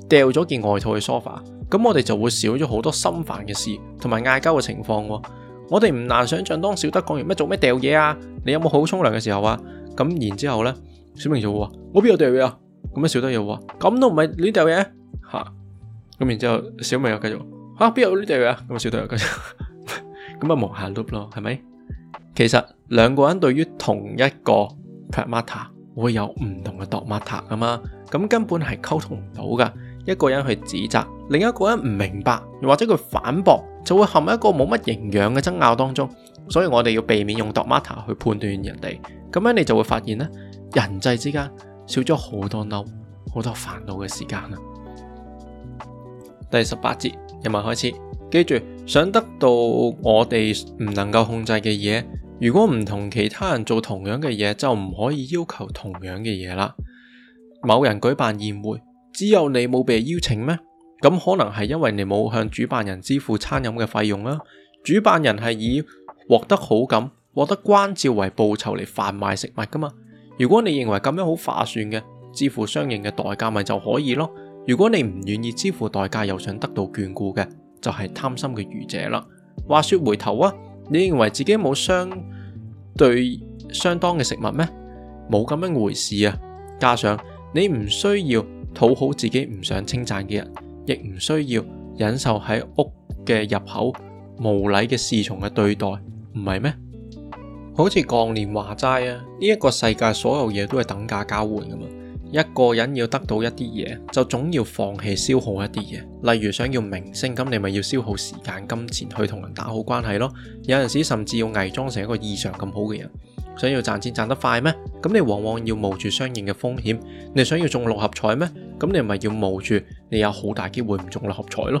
掉咗件外套去梳化，咁我哋就會少咗好多心煩嘅事同埋嗌交嘅情況、哦。我哋唔難想象，當小德講完咩做咩掉嘢啊？你有冇好好沖涼嘅時候啊？咁然之後呢，小明就話：我邊有掉嘢啊？咁樣小德又話：咁都唔係亂掉嘢吓？咁然之後，小明又繼續：吓邊有呢掉嘢？啊？」咁小德又繼續：咁啊無下碌咯，係咪？其實兩個人對於同一個 parameter 會有唔同嘅 data 噶嘛？咁根本係溝通唔到噶。一個人去指責，另一個人唔明白，又或者佢反駁。就會陷入一個冇乜營養嘅爭拗當中，所以我哋要避免用 dogmata 去判斷人哋。咁樣你就會發現呢，人際之間少咗好多嬲、好多煩惱嘅時間啦。第十八節又咪開始，記住，想得到我哋唔能夠控制嘅嘢，如果唔同其他人做同樣嘅嘢，就唔可以要求同樣嘅嘢啦。某人舉辦宴會，只有你冇被邀請咩？咁可能係因為你冇向主辦人支付餐飲嘅費用啦、啊。主辦人係以獲得好感、獲得關照為報酬嚟販賣食物噶嘛。如果你認為咁樣好划算嘅，支付相應嘅代價咪就可以咯。如果你唔願意支付代價，又想得到眷顧嘅，就係貪心嘅愚者啦。話說回頭啊，你認為自己冇相對相當嘅食物咩？冇咁樣回事啊。加上你唔需要討好自己，唔想稱讚嘅人。亦唔需要忍受喺屋嘅入口無禮嘅侍從嘅對待，唔係咩？好似降年話齋啊！呢一個世界所有嘢都係等價交換㗎嘛。一個人要得到一啲嘢，就總要放棄消耗一啲嘢。例如想要明星，咁你咪要消耗時間、金錢去同人打好關係咯。有陣時甚至要偽裝成一個異常咁好嘅人。想要賺錢賺得快咩？咁你往往要冒住相應嘅風險。你想要中六合彩咩？咁你咪要冒住你有好大機會唔中六合彩咯。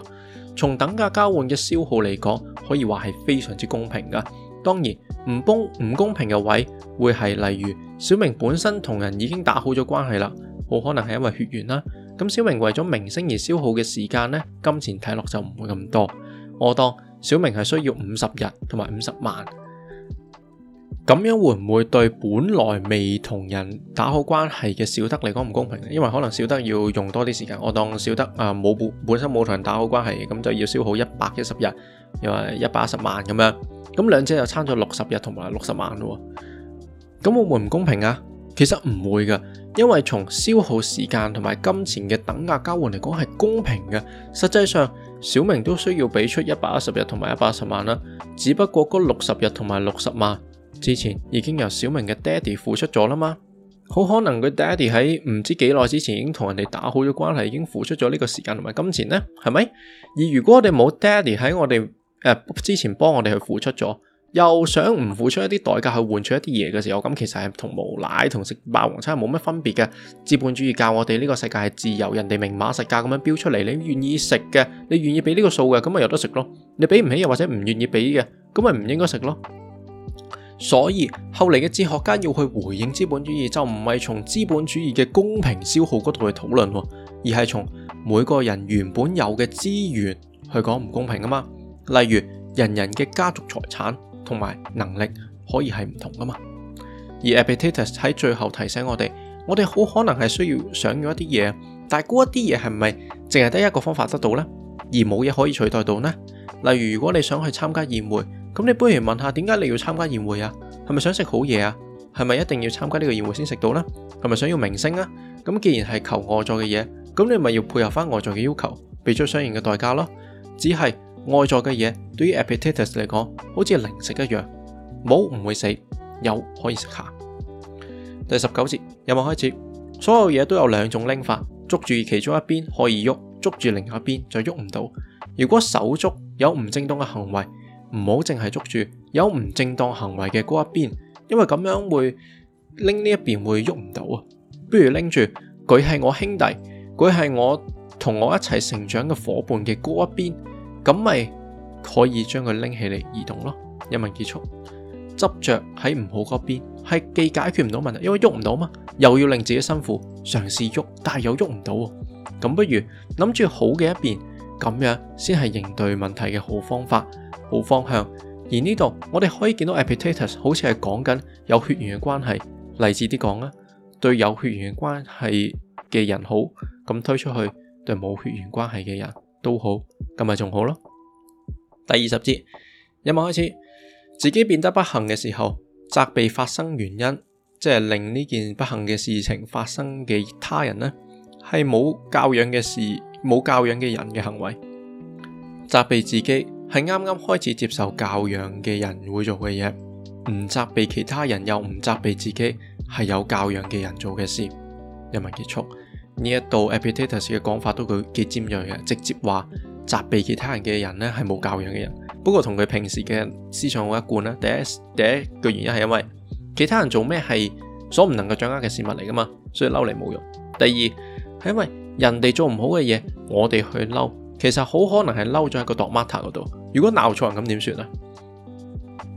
從等價交換嘅消耗嚟講，可以話係非常之公平噶。當然唔公唔公平嘅位會係例如小明本身同人已經打好咗關係啦，好可能係因為血緣啦。咁小明為咗明星而消耗嘅時間呢，金錢睇落就唔會咁多。我當小明係需要五十日同埋五十萬，咁樣會唔會對本來未同人打好關係嘅小德嚟講唔公平呢？因為可能小德要用多啲時間，我當小德啊冇本身冇同人打好關係，咁就要消耗一百一十日又或一百一十萬咁樣。咁兩者又差咗六十日同埋六十萬咯喎，咁會唔會唔公平啊？其實唔會嘅，因為從消耗時間同埋金錢嘅等價交換嚟講係公平嘅。實際上，小明都需要俾出一百一十日同埋一百一十萬啦。只不過嗰六十日同埋六十萬之前已經由小明嘅爹哋付出咗啦嘛。好可能佢爹哋喺唔知幾耐之前已經同人哋打好咗關係，已經付出咗呢個時間同埋金錢呢，係咪？而如果我哋冇爹哋喺我哋之前幫我哋去付出咗，又想唔付出一啲代價去換取一啲嘢嘅時候，咁其實係同無賴同食霸王餐係冇乜分別嘅。資本主義教我哋呢個世界係自由，人哋明碼實價咁樣標出嚟，你願意食嘅，你願意俾呢個數嘅，咁咪有得食咯。你俾唔起又或者唔願意俾嘅，咁咪唔應該食咯。所以後嚟嘅哲學家要去回應資本主義，就唔係從資本主義嘅公平消耗嗰度去討論，而係從每個人原本有嘅資源去講唔公平啊嘛。例如人人嘅家族財產同埋能力可以係唔同噶嘛？而 Epictetus 喺最後提醒我哋，我哋好可能係需要想要一啲嘢，但係一啲嘢係咪淨係得一個方法得到呢？而冇嘢可以取代到呢？例如如果你想去參加宴會，咁你不如問下點解你要參加宴會啊？係咪想食好嘢啊？係咪一定要參加呢個宴會先食到呢？係咪想要明星啊？咁既然係求外在嘅嘢，咁你咪要配合翻外在嘅要求，俾咗相應嘅代價咯。只係。外在嘅嘢對於 Epictetus 嚟講，好似零食一樣，冇唔會死，有可以食下。第十九節，有冇開始？所有嘢都有兩種拎法，捉住其中一邊可以喐，捉住另一邊就喐唔到。如果手足有唔正當嘅行為，唔好淨係捉住有唔正當行為嘅嗰一邊，因為咁樣會拎呢一邊會喐唔到啊。不如拎住佢係我兄弟，佢係我同我一齊成長嘅夥伴嘅嗰一邊。咁咪可以將佢拎起嚟移動咯，一問結束。執着喺唔好嗰邊，係既解決唔到問題，因為喐唔到嘛，又要令自己辛苦嘗試喐，但係又喐唔到，咁不如諗住好嘅一邊，咁樣先係應對問題嘅好方法、好方向。而呢度我哋可以見到 Epictetus 好似係講緊有血緣嘅關係，例子啲講啊，對有血緣關係嘅人好，咁推出去對冇血緣關係嘅人，都好，咁咪仲好咯。第二十節，一文開始，自己變得不幸嘅時候，責備發生原因，即係令呢件不幸嘅事情發生嘅他人呢，係冇教養嘅事，冇教養嘅人嘅行為。責備自己係啱啱開始接受教養嘅人會做嘅嘢，唔責備其他人又唔責備自己，係有教養嘅人做嘅事。一文結束。呢一度 Epictetus 嘅講法都佢幾尖鋭嘅，直接話責備其他人嘅人呢，係冇教養嘅人。不過同佢平時嘅思想好一貫啦。第一，第一個原因係因為其他人做咩係所唔能夠掌握嘅事物嚟㗎嘛，所以嬲嚟冇用。第二係因為人哋做唔好嘅嘢，我哋去嬲，其實好可能係嬲咗喺個 dogmata 嗰度。如果鬧錯人咁點算啊？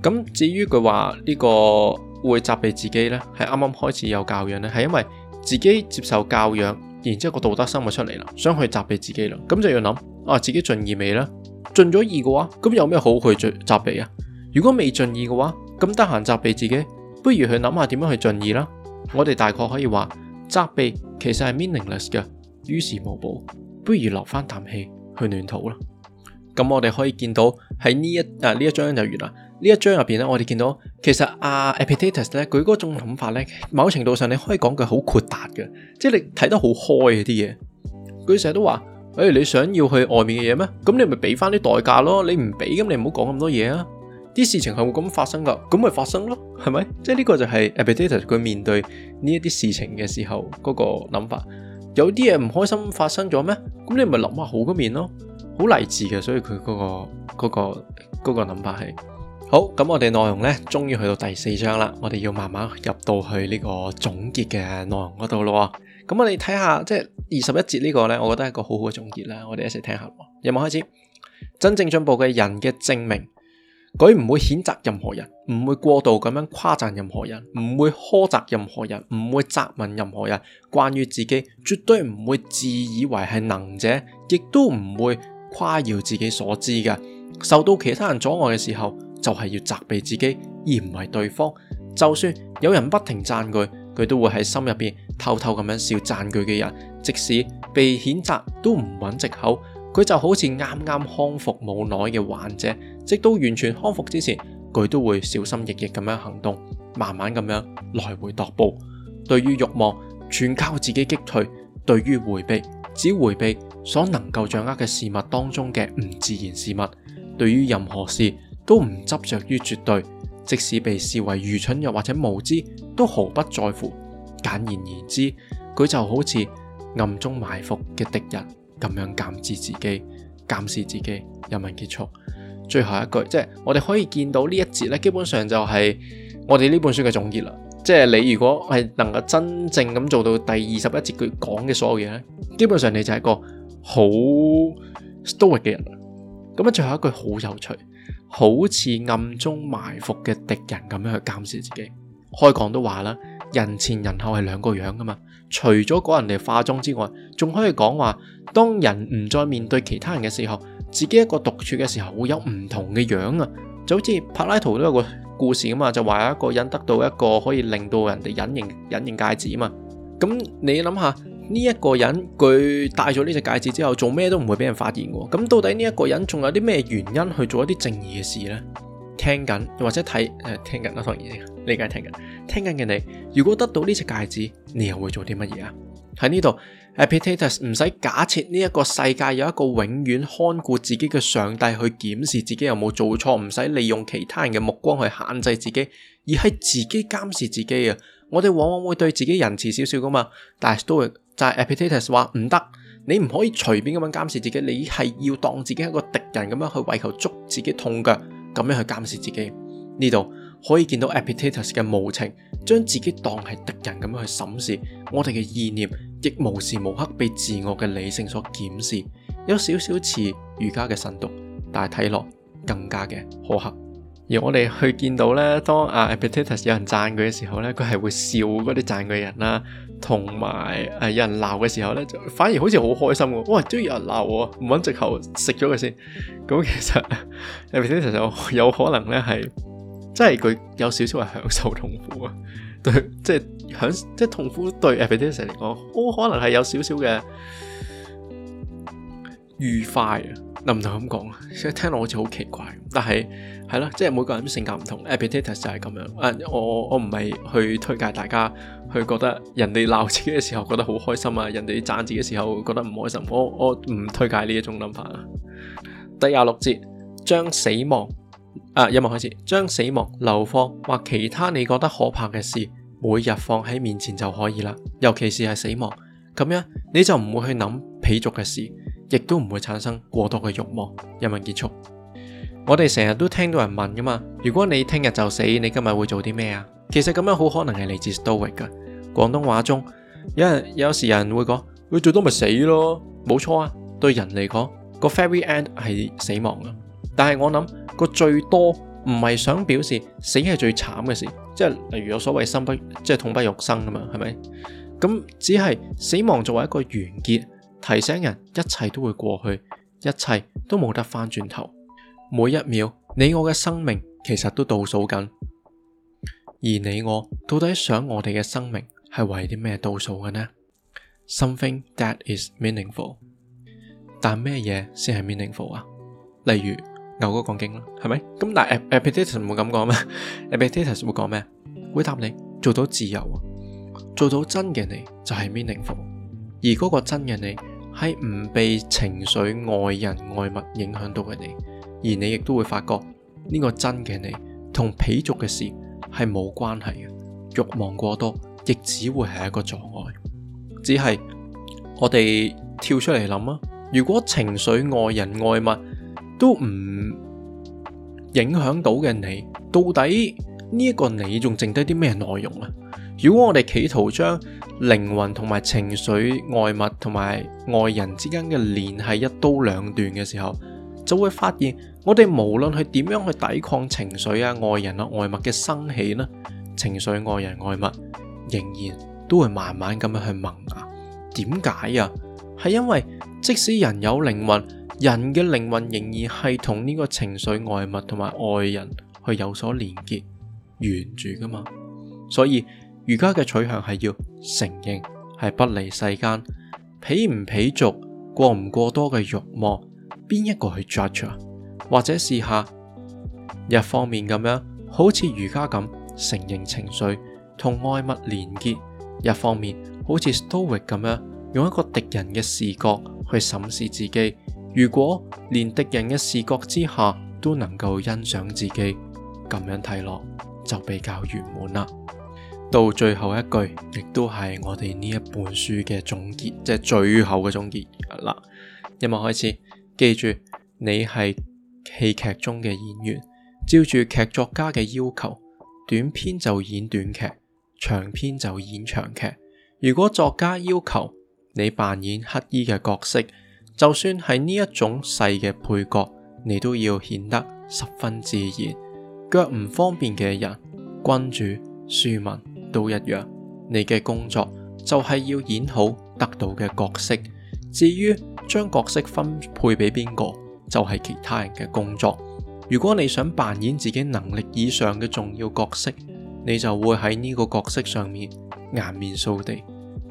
咁至於佢話呢個會責備自己呢，係啱啱開始有教養呢，係因為。自己接受教養，然之後個道德生埋出嚟啦，想去責備自己啦，咁就要諗啊，自己盡義未啦？盡咗義嘅話，咁有咩好去責備啊？如果未盡義嘅話，咁得閒責備自己，不如去諗下點樣去盡義啦。我哋大概可以話，責備其實係 meaningless 嘅，於事無補，不如留翻啖氣去暖肚啦。咁我哋可以見到喺呢一啊呢一章就完啦。呢一章入邊咧，我哋見到其實阿 Epictetus 咧，佢嗰種諗法咧，某程度上你可以講佢好闊達嘅，即係你睇得好開嘅啲嘢。佢成日都話，誒、哎，你想要去外面嘅嘢咩？咁你咪俾翻啲代價咯。你唔俾咁，你唔好講咁多嘢啊。啲事情係會咁發生噶咁咪發生咯，係咪？即係呢個就係 Epictetus 佢面對呢一啲事情嘅時候嗰、嗰個諗法。有啲嘢唔開心發生咗咩？咁你咪諗下好嘅面咯，好勵志嘅，所以佢嗰、嗰個嗰、嗰個嗰、嗰個諗、嗰個、法係。好咁，我哋內容呢終於去到第四章啦。我哋要慢慢入到去呢個總結嘅內容嗰度咯。咁我哋睇下，即係二十一節呢個呢，我覺得係一個好好嘅總結啦。我哋一齊聽一下。有冇開始？真正進步嘅人嘅證明，佢唔會譴責任何人，唔會過度咁樣誇讚任何人，唔會苛責任何人，唔會責問任何人。關於自己，絕對唔會自以為係能者，亦都唔會誇耀自己所知嘅。受到其他人阻礙嘅時候。就係要責備自己，而唔係對方。就算有人不停讚佢，佢都會喺心入邊偷偷咁樣笑讚佢嘅人。即使被譴責都唔揾藉口，佢就好似啱啱康復冇耐嘅患者，直到完全康復之前，佢都會小心翼翼咁樣行動，慢慢咁樣來回踱步。對於慾望，全靠自己擊退；對於迴避，只迴避所能夠掌握嘅事物當中嘅唔自然事物。對於任何事，都唔執着於絕對，即使被視為愚蠢又或者無知，都毫不在乎。簡言之，佢就好似暗中埋伏嘅敵人咁樣監視自己、監視自己。又問結束，最後一句即係、就是、我哋可以見到呢一節咧，基本上就係我哋呢本書嘅總結啦。即係你如果係能夠真正咁做到第二十一節佢講嘅所有嘢咧，基本上你就係一個好 Stoic 嘅人啦。咁啊，最後一句好有趣。好似暗中埋伏嘅敵人咁樣去監視自己。開講都話啦，人前人後係兩個樣噶嘛。除咗嗰人哋化妝之外，仲可以講話，當人唔再面對其他人嘅時候，自己一個獨處嘅時候會有唔同嘅樣啊。就好似柏拉圖都有個故事噶嘛，就話有一個人得到一個可以令到人哋隱形隱形戒指吖嘛。咁你諗下。呢一個人，佢戴咗呢隻戒指之後，做咩都唔會俾人發現嘅。咁到底呢一個人仲有啲咩原因去做一啲正義嘅事呢？聽緊或者睇誒、呃、聽緊啊，你當然梗係聽緊。聽緊嘅你，如果得到呢隻戒指，你又會做啲乜嘢啊？喺呢度 Epictetus 唔使假設呢一個世界有一個永遠看顧自己嘅上帝去檢視自己有冇做錯，唔使利用其他人嘅目光去限制自己，而係自己監視自己啊！我哋往往會對自己仁慈少少噶嘛，但係都會。就係 Epictetus 話唔得，你唔可以隨便咁樣監視自己，你係要當自己係一個敵人咁樣去為求捉自己痛腳，咁樣去監視自己。呢度可以見到 Epictetus 嘅無情，將自己當係敵人咁樣去審視。我哋嘅意念亦無時無刻被自我嘅理性所檢視，有少少似儒家嘅慎獨，但係睇落更加嘅可嚇。而我哋去見到呢，當阿、啊、Epictetus 有人讚佢嘅時候呢，佢係會笑嗰啲讚佢嘅人啦。同埋誒有人鬧嘅時候咧，就反而好似好開心嘅，哇！中意有人鬧我啊，唔揾藉口食咗佢先。咁其實，Epictetus 其實有可能咧係，即係佢有少少係享受痛苦啊，對，即係享，即係痛苦對 Epictetus 嚟講，好可能係有少少嘅愉快啊。諗唔同咁講，即聽落好似好奇怪。但係係咯，即係每個人性格唔同 Epictetus 就係咁樣。啊，我我唔係去推介大家去覺得人哋鬧自己嘅時候覺得好開心啊，人哋讚自己嘅時候覺得唔開心。我我唔推介呢一種諗法。第廿六節，將死亡啊，今日開始將死亡流放或其他你覺得可怕嘅事，每日放喺面前就可以啦。尤其是係死亡，咁樣你就唔會去諗鄙俗嘅事。亦都唔會產生過多嘅欲望。人文結束，我哋成日都聽到人問噶嘛。如果你聽日就死，你今日會做啲咩啊？其實咁樣好可能係嚟自 Stoic 噶。廣東話中有有時有人會講，佢最多咪死咯，冇錯啊。對人嚟講，個 very end 係死亡啊。但係我諗個最多唔係想表示死係最慘嘅事，即係例如有所謂心不即係痛不欲生啊嘛，係咪？咁只係死亡作為一個完結，提醒人一切都會過去，一切都冇得翻轉頭。每一秒，你我嘅生命其實都倒數緊。而你我到底想我哋嘅生命係為啲咩倒數嘅呢？Something that is meaningful。但咩嘢先係 meaningful 啊？例如牛哥講經啦，係咪？咁但係 Epictetus 冇咁講咩？Epictetus 會講咩？會、啊啊啊啊、答你，做到自由啊，做到真嘅你就係 meaningful。而嗰個真嘅你係唔被情緒、外人、外物影響到嘅你，而你亦都會發覺呢、這個真嘅你同鄙俗嘅事係冇關係嘅。欲望過多亦只會係一個阻礙。只係我哋跳出嚟諗啊，如果情緒、外人、外物都唔影響到嘅你，到底呢一個你仲剩低啲咩內容啊？如果我哋企圖將靈魂同埋情緒、外物同埋外人之間嘅聯繫一刀兩斷嘅時候，就會發現我哋無論係點樣去抵抗情緒啊、外人啊、外物嘅生起咧，情緒、外人、外物仍然都會慢慢咁樣去萌芽。點解啊？係因為即使人有靈魂，人嘅靈魂仍然係同呢個情緒、外物同埋外人去有所連結、聯住噶嘛，所以。儒家嘅取向係要承認係不離世間，鄙唔鄙俗，過唔過多嘅欲望，邊一個去 judge？或者試一下一方面咁樣，好似儒家咁承認情緒同愛物連結；一方面好似 Stoic 咁樣，用一個敵人嘅視覺去審視自己。如果連敵人嘅視覺之下都能夠欣賞自己，咁樣睇落就比較圓滿啦。到最後一句，亦都係我哋呢一本書嘅總結，即係最後嘅總結啦。一幕開始，記住你係戲劇中嘅演員，照住劇作家嘅要求，短篇就演短劇，長篇就演長劇。如果作家要求你扮演乞衣嘅角色，就算係呢一種細嘅配角，你都要顯得十分自然。腳唔方便嘅人，君主、庶民。都一樣，你嘅工作就係要演好得到嘅角色，至於將角色分配俾邊個，就係其他人嘅工作。如果你想扮演自己能力以上嘅重要角色，你就會喺呢個角色上面顏面掃地，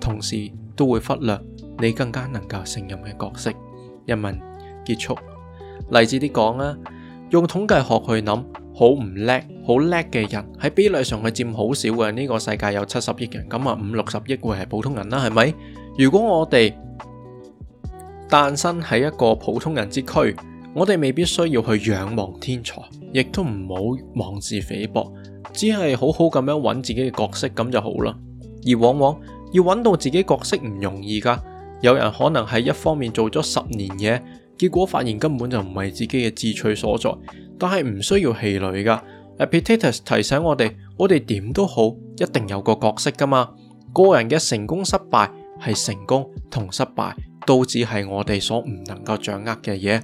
同時都會忽略你更加能夠勝任嘅角色。一文結束，例子啲講啊，用統計學去諗。好唔叻，好叻嘅人喺比例上佢佔好少嘅。呢個世界有七十億人，咁啊五六十億會係普通人啦，係咪？如果我哋誕生喺一個普通人之軀，我哋未必需要去仰望天才，亦都唔好妄自菲薄，只係好好咁樣揾自己嘅角色咁就好啦。而往往要揾到自己角色唔容易噶，有人可能喺一方面做咗十年嘢，結果發現根本就唔係自己嘅志趣所在。但係唔需要氣餒噶。Epictetus 提醒我哋，我哋點都好，一定有個角色噶嘛。個人嘅成功失敗係成功同失敗，都只係我哋所唔能夠掌握嘅嘢。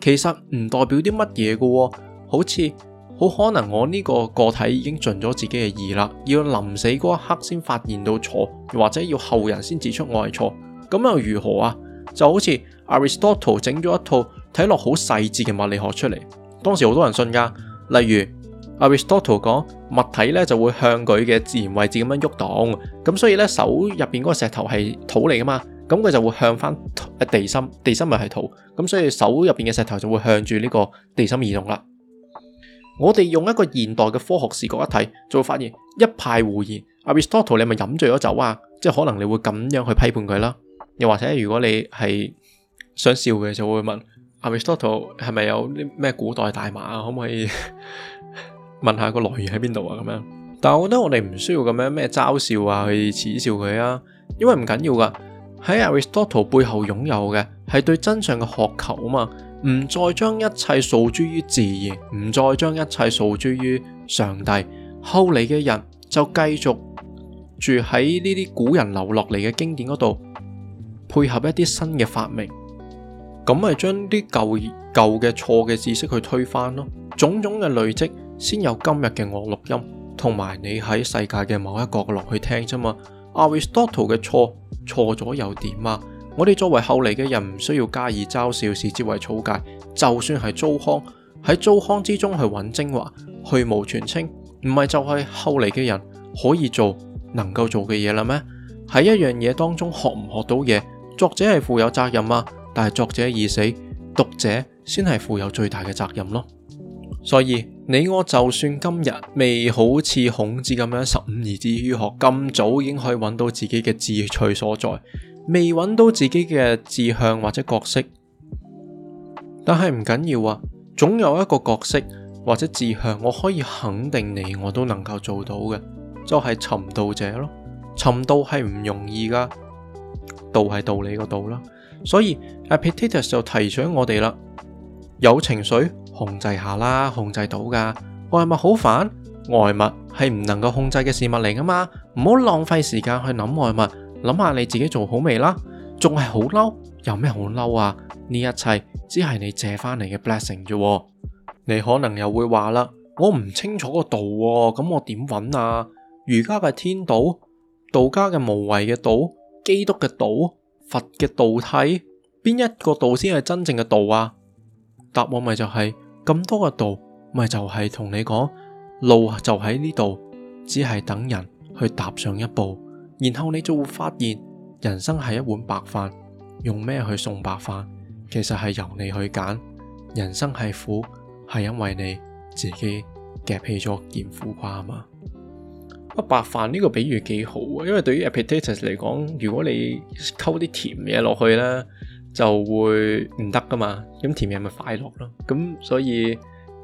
其實唔代表啲乜嘢噶，好似好可能我呢個個體已經盡咗自己嘅意啦，要臨死嗰一刻先發現到錯，或者要後人先指出我係錯，咁又如何啊？就好似 Aristotle 整咗一套睇落好細致嘅物理學出嚟。當時好多人信㗎，例如 Aristotle，講物體咧就會向佢嘅自然位置咁樣喐動，咁所以咧，手入邊嗰個石頭係土嚟㗎嘛，咁佢就會向返地心，地心咪係土，咁所以手入邊嘅石頭就會向住呢個地心移動啦。我哋用一個現代嘅科學視角一睇，就會發現一派胡言。Aristotle，你咪飲醉咗酒啊？即係可能你會咁樣去批判佢啦，又或者如果你係想笑嘅，就會問。Aristotle 係咪有啲咩古代大碼啊？可唔可以 問下個來源喺邊度啊？咁樣，但我覺得我哋唔需要咁樣咩嘲笑啊，去恥笑佢啊，因為唔緊要噶。喺 Aristotle 背後擁有嘅係對真相嘅渴求啊嘛，唔再將一切訴諸於自然，唔再將一切訴諸於上帝。後嚟嘅人就繼續住喺呢啲古人留落嚟嘅經典嗰度，配合一啲新嘅發明。咁咪將啲舊舊嘅錯嘅知識去推翻咯，種種嘅累積先有今日嘅我錄音，同埋你喺世界嘅某一角落去聽啫嘛。Aristotle 嘅錯錯咗又點啊？我哋作為後嚟嘅人，唔需要加以嘲笑，視之為草芥。就算係糟糠，喺糟糠之中去揾精華，去蕪存菁，唔係就係後嚟嘅人可以做能夠做嘅嘢啦咩？喺一樣嘢當中學唔學到嘢，作者係負有責任嘛，啊？但係作者已死，讀者先係負有最大嘅責任咯。所以你我就算今日未好似孔子咁樣十五而志於學，咁早已經可以揾到自己嘅志趣所在，未揾到自己嘅志向或者角色。但係唔緊要啊，總有一個角色或者志向，我可以肯定你我都能夠做到嘅，就係尋道者咯。尋道係唔容易噶，道係道理個道啦。所以阿 Petitus 就提醒我哋啦，有情緒控制下啦，控制到噶，外物好煩，外物係唔能夠控制嘅事物嚟噶嘛，唔好浪費時間去諗外物，諗下你自己做好未啦？仲係好嬲，有咩好嬲啊？呢一切只係你借翻嚟嘅 blessing 啫。你可能又會話啦，我唔清楚個道，咁我點揾啊？儒家嘅天道，道家嘅無為嘅道，基督嘅道。佛嘅道體，邊一個道先係真正嘅道啊？答案咪就係、是、咁多嘅道，咪就係、是、同你講，路就喺呢度，只係等人去踏上一步，然後你就會發現人生係一碗白飯，用咩去餸白飯，其實係由你去揀。人生係苦，係因為你自己夾起咗件苦瓜嘛。白飯呢個比喻幾好啊，因為對於 Epictetus 嚟講，如果你溝啲甜嘢落去咧，就會唔得噶嘛。咁甜嘢咪快樂咯。咁所以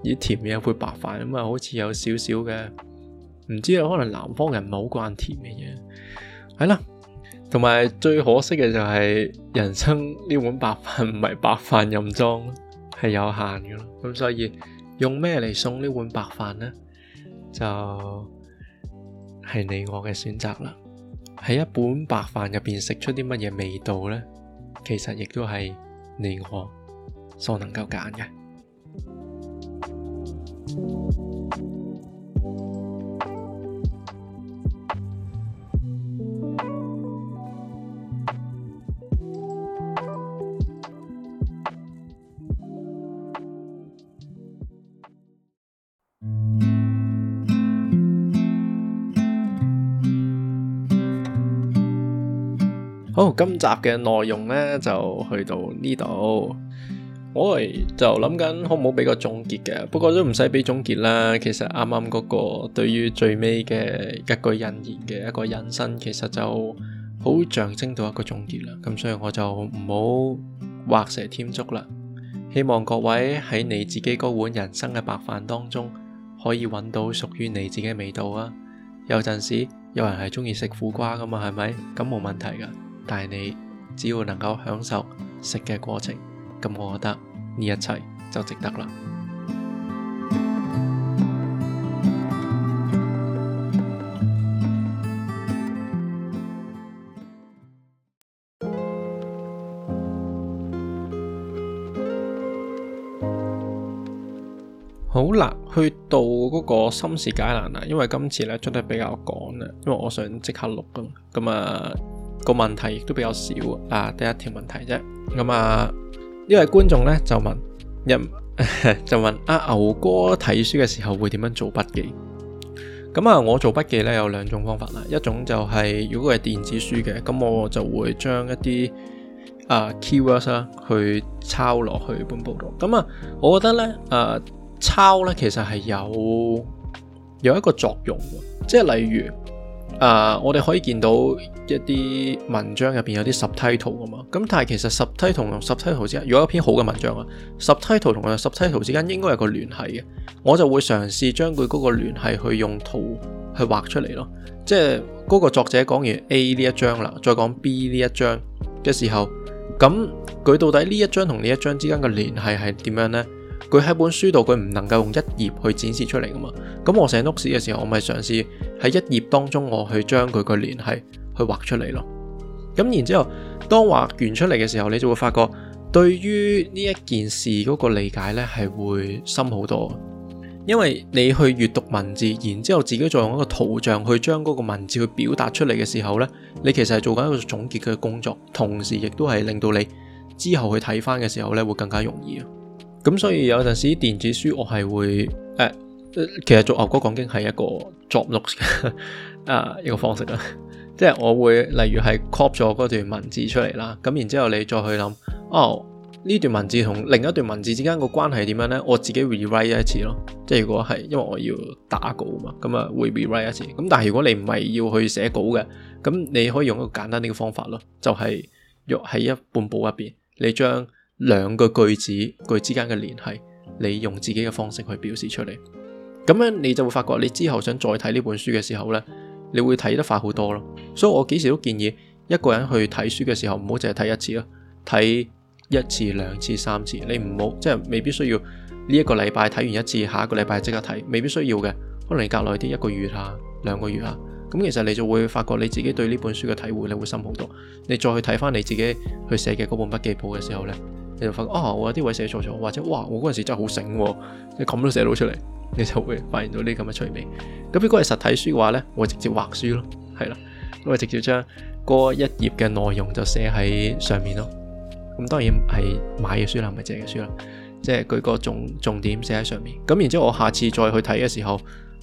啲甜嘢配白飯咁啊，好似有少少嘅，唔知啊，可能南方人唔係好慣甜嘅嘢。係啦，同埋最可惜嘅就係人生呢碗白飯唔係白飯任裝，係有限嘅咯。咁所以用咩嚟送呢碗白飯咧，就？係你我嘅選擇啦，喺一碗白飯入邊食出啲乜嘢味道呢？其實亦都係你我所能夠揀嘅。好，今集嘅內容呢，就去到呢度。我係就諗緊好唔好畀個總結嘅，不過都唔使俾總結啦。其實啱啱嗰個對於最尾嘅一句引言嘅一個引申，其實就好象徵到一個總結啦。咁所以我就唔好畫蛇添足啦。希望各位喺你自己嗰碗人生嘅白飯當中，可以揾到屬於你自己嘅味道啊！有陣時有人係中意食苦瓜噶嘛，係咪？咁冇問題噶。但係你只要能夠享受食嘅過程，咁我覺得呢一切就值得啦。 好啦，去到嗰個心事解難啦，因為今次咧出得比較趕啊，因為我想即刻錄㗎嘛，咁啊。個問題亦都比較少啊，第一條問題啫。咁啊，呢位觀眾咧就問，嗯、 就問阿、啊、牛哥睇書嘅時候會點樣做筆記？咁啊，我做筆記咧有兩種方法啦，一種就係、是、如果係電子書嘅，咁我就會將一啲啊 keywords 啦去抄落去本簿度。咁啊，我覺得咧，誒、啊，抄咧其實係有有一個作用嘅，即係例如啊，我哋可以見到。一啲文章入邊有啲十梯圖㗎嘛，咁但係其實十梯同十梯圖之間，如果一篇好嘅文章啊，十梯圖同十梯圖之間應該有個聯繫嘅，我就會嘗試將佢嗰個聯繫去用圖去畫出嚟咯。即係嗰個作者講完 A 呢一章啦，再講 B 呢一章嘅時候，咁佢到底呢一章同呢一章之間嘅聯繫係點樣呢？佢喺本書度佢唔能夠用一頁去展示出嚟㗎嘛，咁我寫 notes 嘅時候，我咪嘗試喺一頁當中我去將佢個聯繫。去畫出嚟咯，咁然之後，當畫完出嚟嘅時候，你就會發覺對於呢一件事嗰個理解咧係會深好多，因為你去閱讀文字，然之後自己再用一個圖像去將嗰個文字去表達出嚟嘅時候咧，你其實係做緊一個總結嘅工作，同時亦都係令到你之後去睇翻嘅時候咧會更加容易啊。咁所以有陣時電子書我係會誒、哎，其實做牛哥講經係一個作 o 嘅一個方式啦。即係我會例如係 copy 咗嗰段文字出嚟啦，咁然之後你再去諗，哦呢段文字同另一段文字之間個關係點樣呢？我自己 rewrite 一次咯。即係如果係因為我要打稿嘛，咁啊會 rewrite 一次。咁但係如果你唔係要去寫稿嘅，咁你可以用一個簡單啲嘅方法咯，就係喐喺一本簿入邊，你將兩個句子句之間嘅聯繫，你用自己嘅方式去表示出嚟。咁樣你就會發覺你之後想再睇呢本書嘅時候呢。你會睇得快好多咯，所以我幾時都建議一個人去睇書嘅時候，唔好淨係睇一次咯，睇一次、兩次、三次，你唔好即係未必需要呢一個禮拜睇完一次，下一個禮拜即刻睇，未必需要嘅，可能你隔耐啲一個月啊、兩個月啊，咁其實你就會發覺你自己對呢本書嘅體會你會深好多，你再去睇翻你自己去寫嘅嗰本筆記簿嘅時候呢。你就發覺啊、哦，我有啲位寫錯咗，或者哇，我嗰陣時真係好醒，你咁都寫到出嚟，你就會發現到呢啲咁嘅趣味。咁如果係實體書嘅話呢，我直，畫我直接畫書咯，係啦，我直接將嗰一頁嘅內容就寫喺上面咯。咁當然係買嘅書啦，唔係借嘅書啦，即係佢個重重點寫喺上面。咁然之後我下次再去睇嘅時候，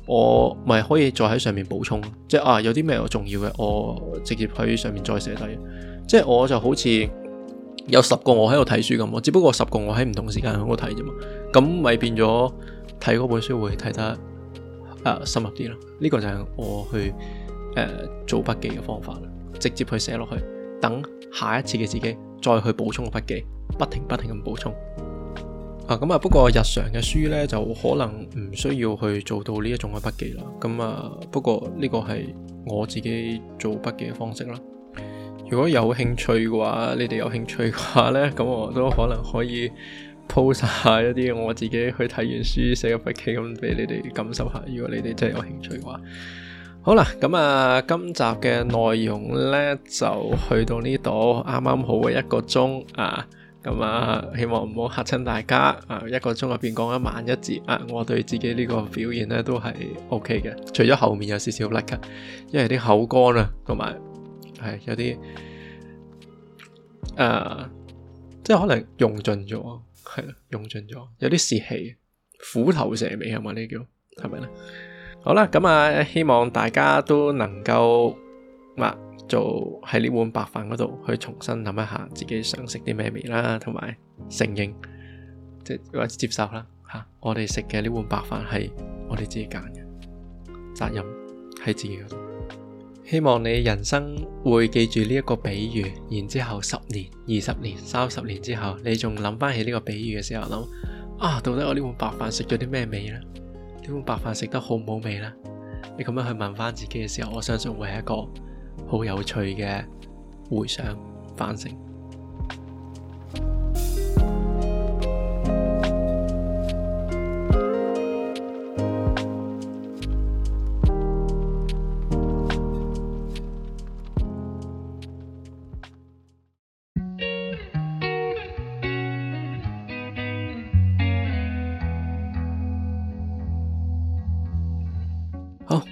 我咪可以再喺上面補充，即係啊有啲咩我重要嘅，我直接喺上面再寫低。即係我就好似。有十個我喺度睇書咁，我只不過十個我喺唔同時間喺度睇啫嘛，咁咪變咗睇嗰本書會睇得誒、呃、深入啲咯。呢個就係我去誒、呃、做筆記嘅方法啦，直接去寫落去，等下一次嘅自己再去補充個筆記，不停不停咁補充。啊，咁啊，不過日常嘅書咧就可能唔需要去做到呢一種嘅筆記啦。咁啊，不過呢個係我自己做筆記嘅方式啦。如果有興趣嘅話，你哋有興趣嘅話咧，咁我都可能可以鋪晒一啲我自己去睇完書寫嘅筆記咁俾你哋感受下。如果你哋真係有興趣嘅話，好啦，咁啊，今集嘅內容咧就去到呢度，啱啱好嘅一個鐘啊，咁啊，希望唔好嚇親大家啊，一個鐘入邊講一萬一字啊，我對自己呢個表現咧都係 OK 嘅，除咗後面有少少甩噶，因為啲口乾啊同埋。係有啲誒、呃，即係可能用盡咗，係用盡咗，有啲士氣，虎頭蛇尾係嘛？呢叫係咪咧？好啦，咁、嗯、啊，希望大家都能夠啊，做喺呢碗白飯嗰度去重新諗一下，自己想食啲咩味啦，同埋承認，即係或者接受啦吓、啊，我哋食嘅呢碗白飯係我哋自己揀嘅，責任喺自己希望你人生會記住呢一個比喻，然之後十年、二十年、三十年之後，你仲諗翻起呢個比喻嘅時候，諗「啊，到底我呢碗白飯食咗啲咩味呢？呢碗白飯食得好唔好味呢？」你咁樣去問翻自己嘅時候，我相信會係一個好有趣嘅回想反省。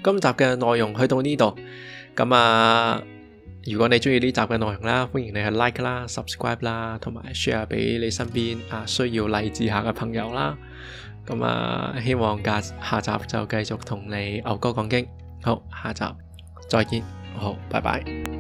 今集嘅內容去到呢度，咁啊，如果你中意呢集嘅內容啦，歡迎你去 like 啦、subscribe 啦，同埋 share 俾你身邊啊需要勵志下嘅朋友啦。咁啊，希望下集就繼續同你牛哥講經。好，下集再見，好，拜拜。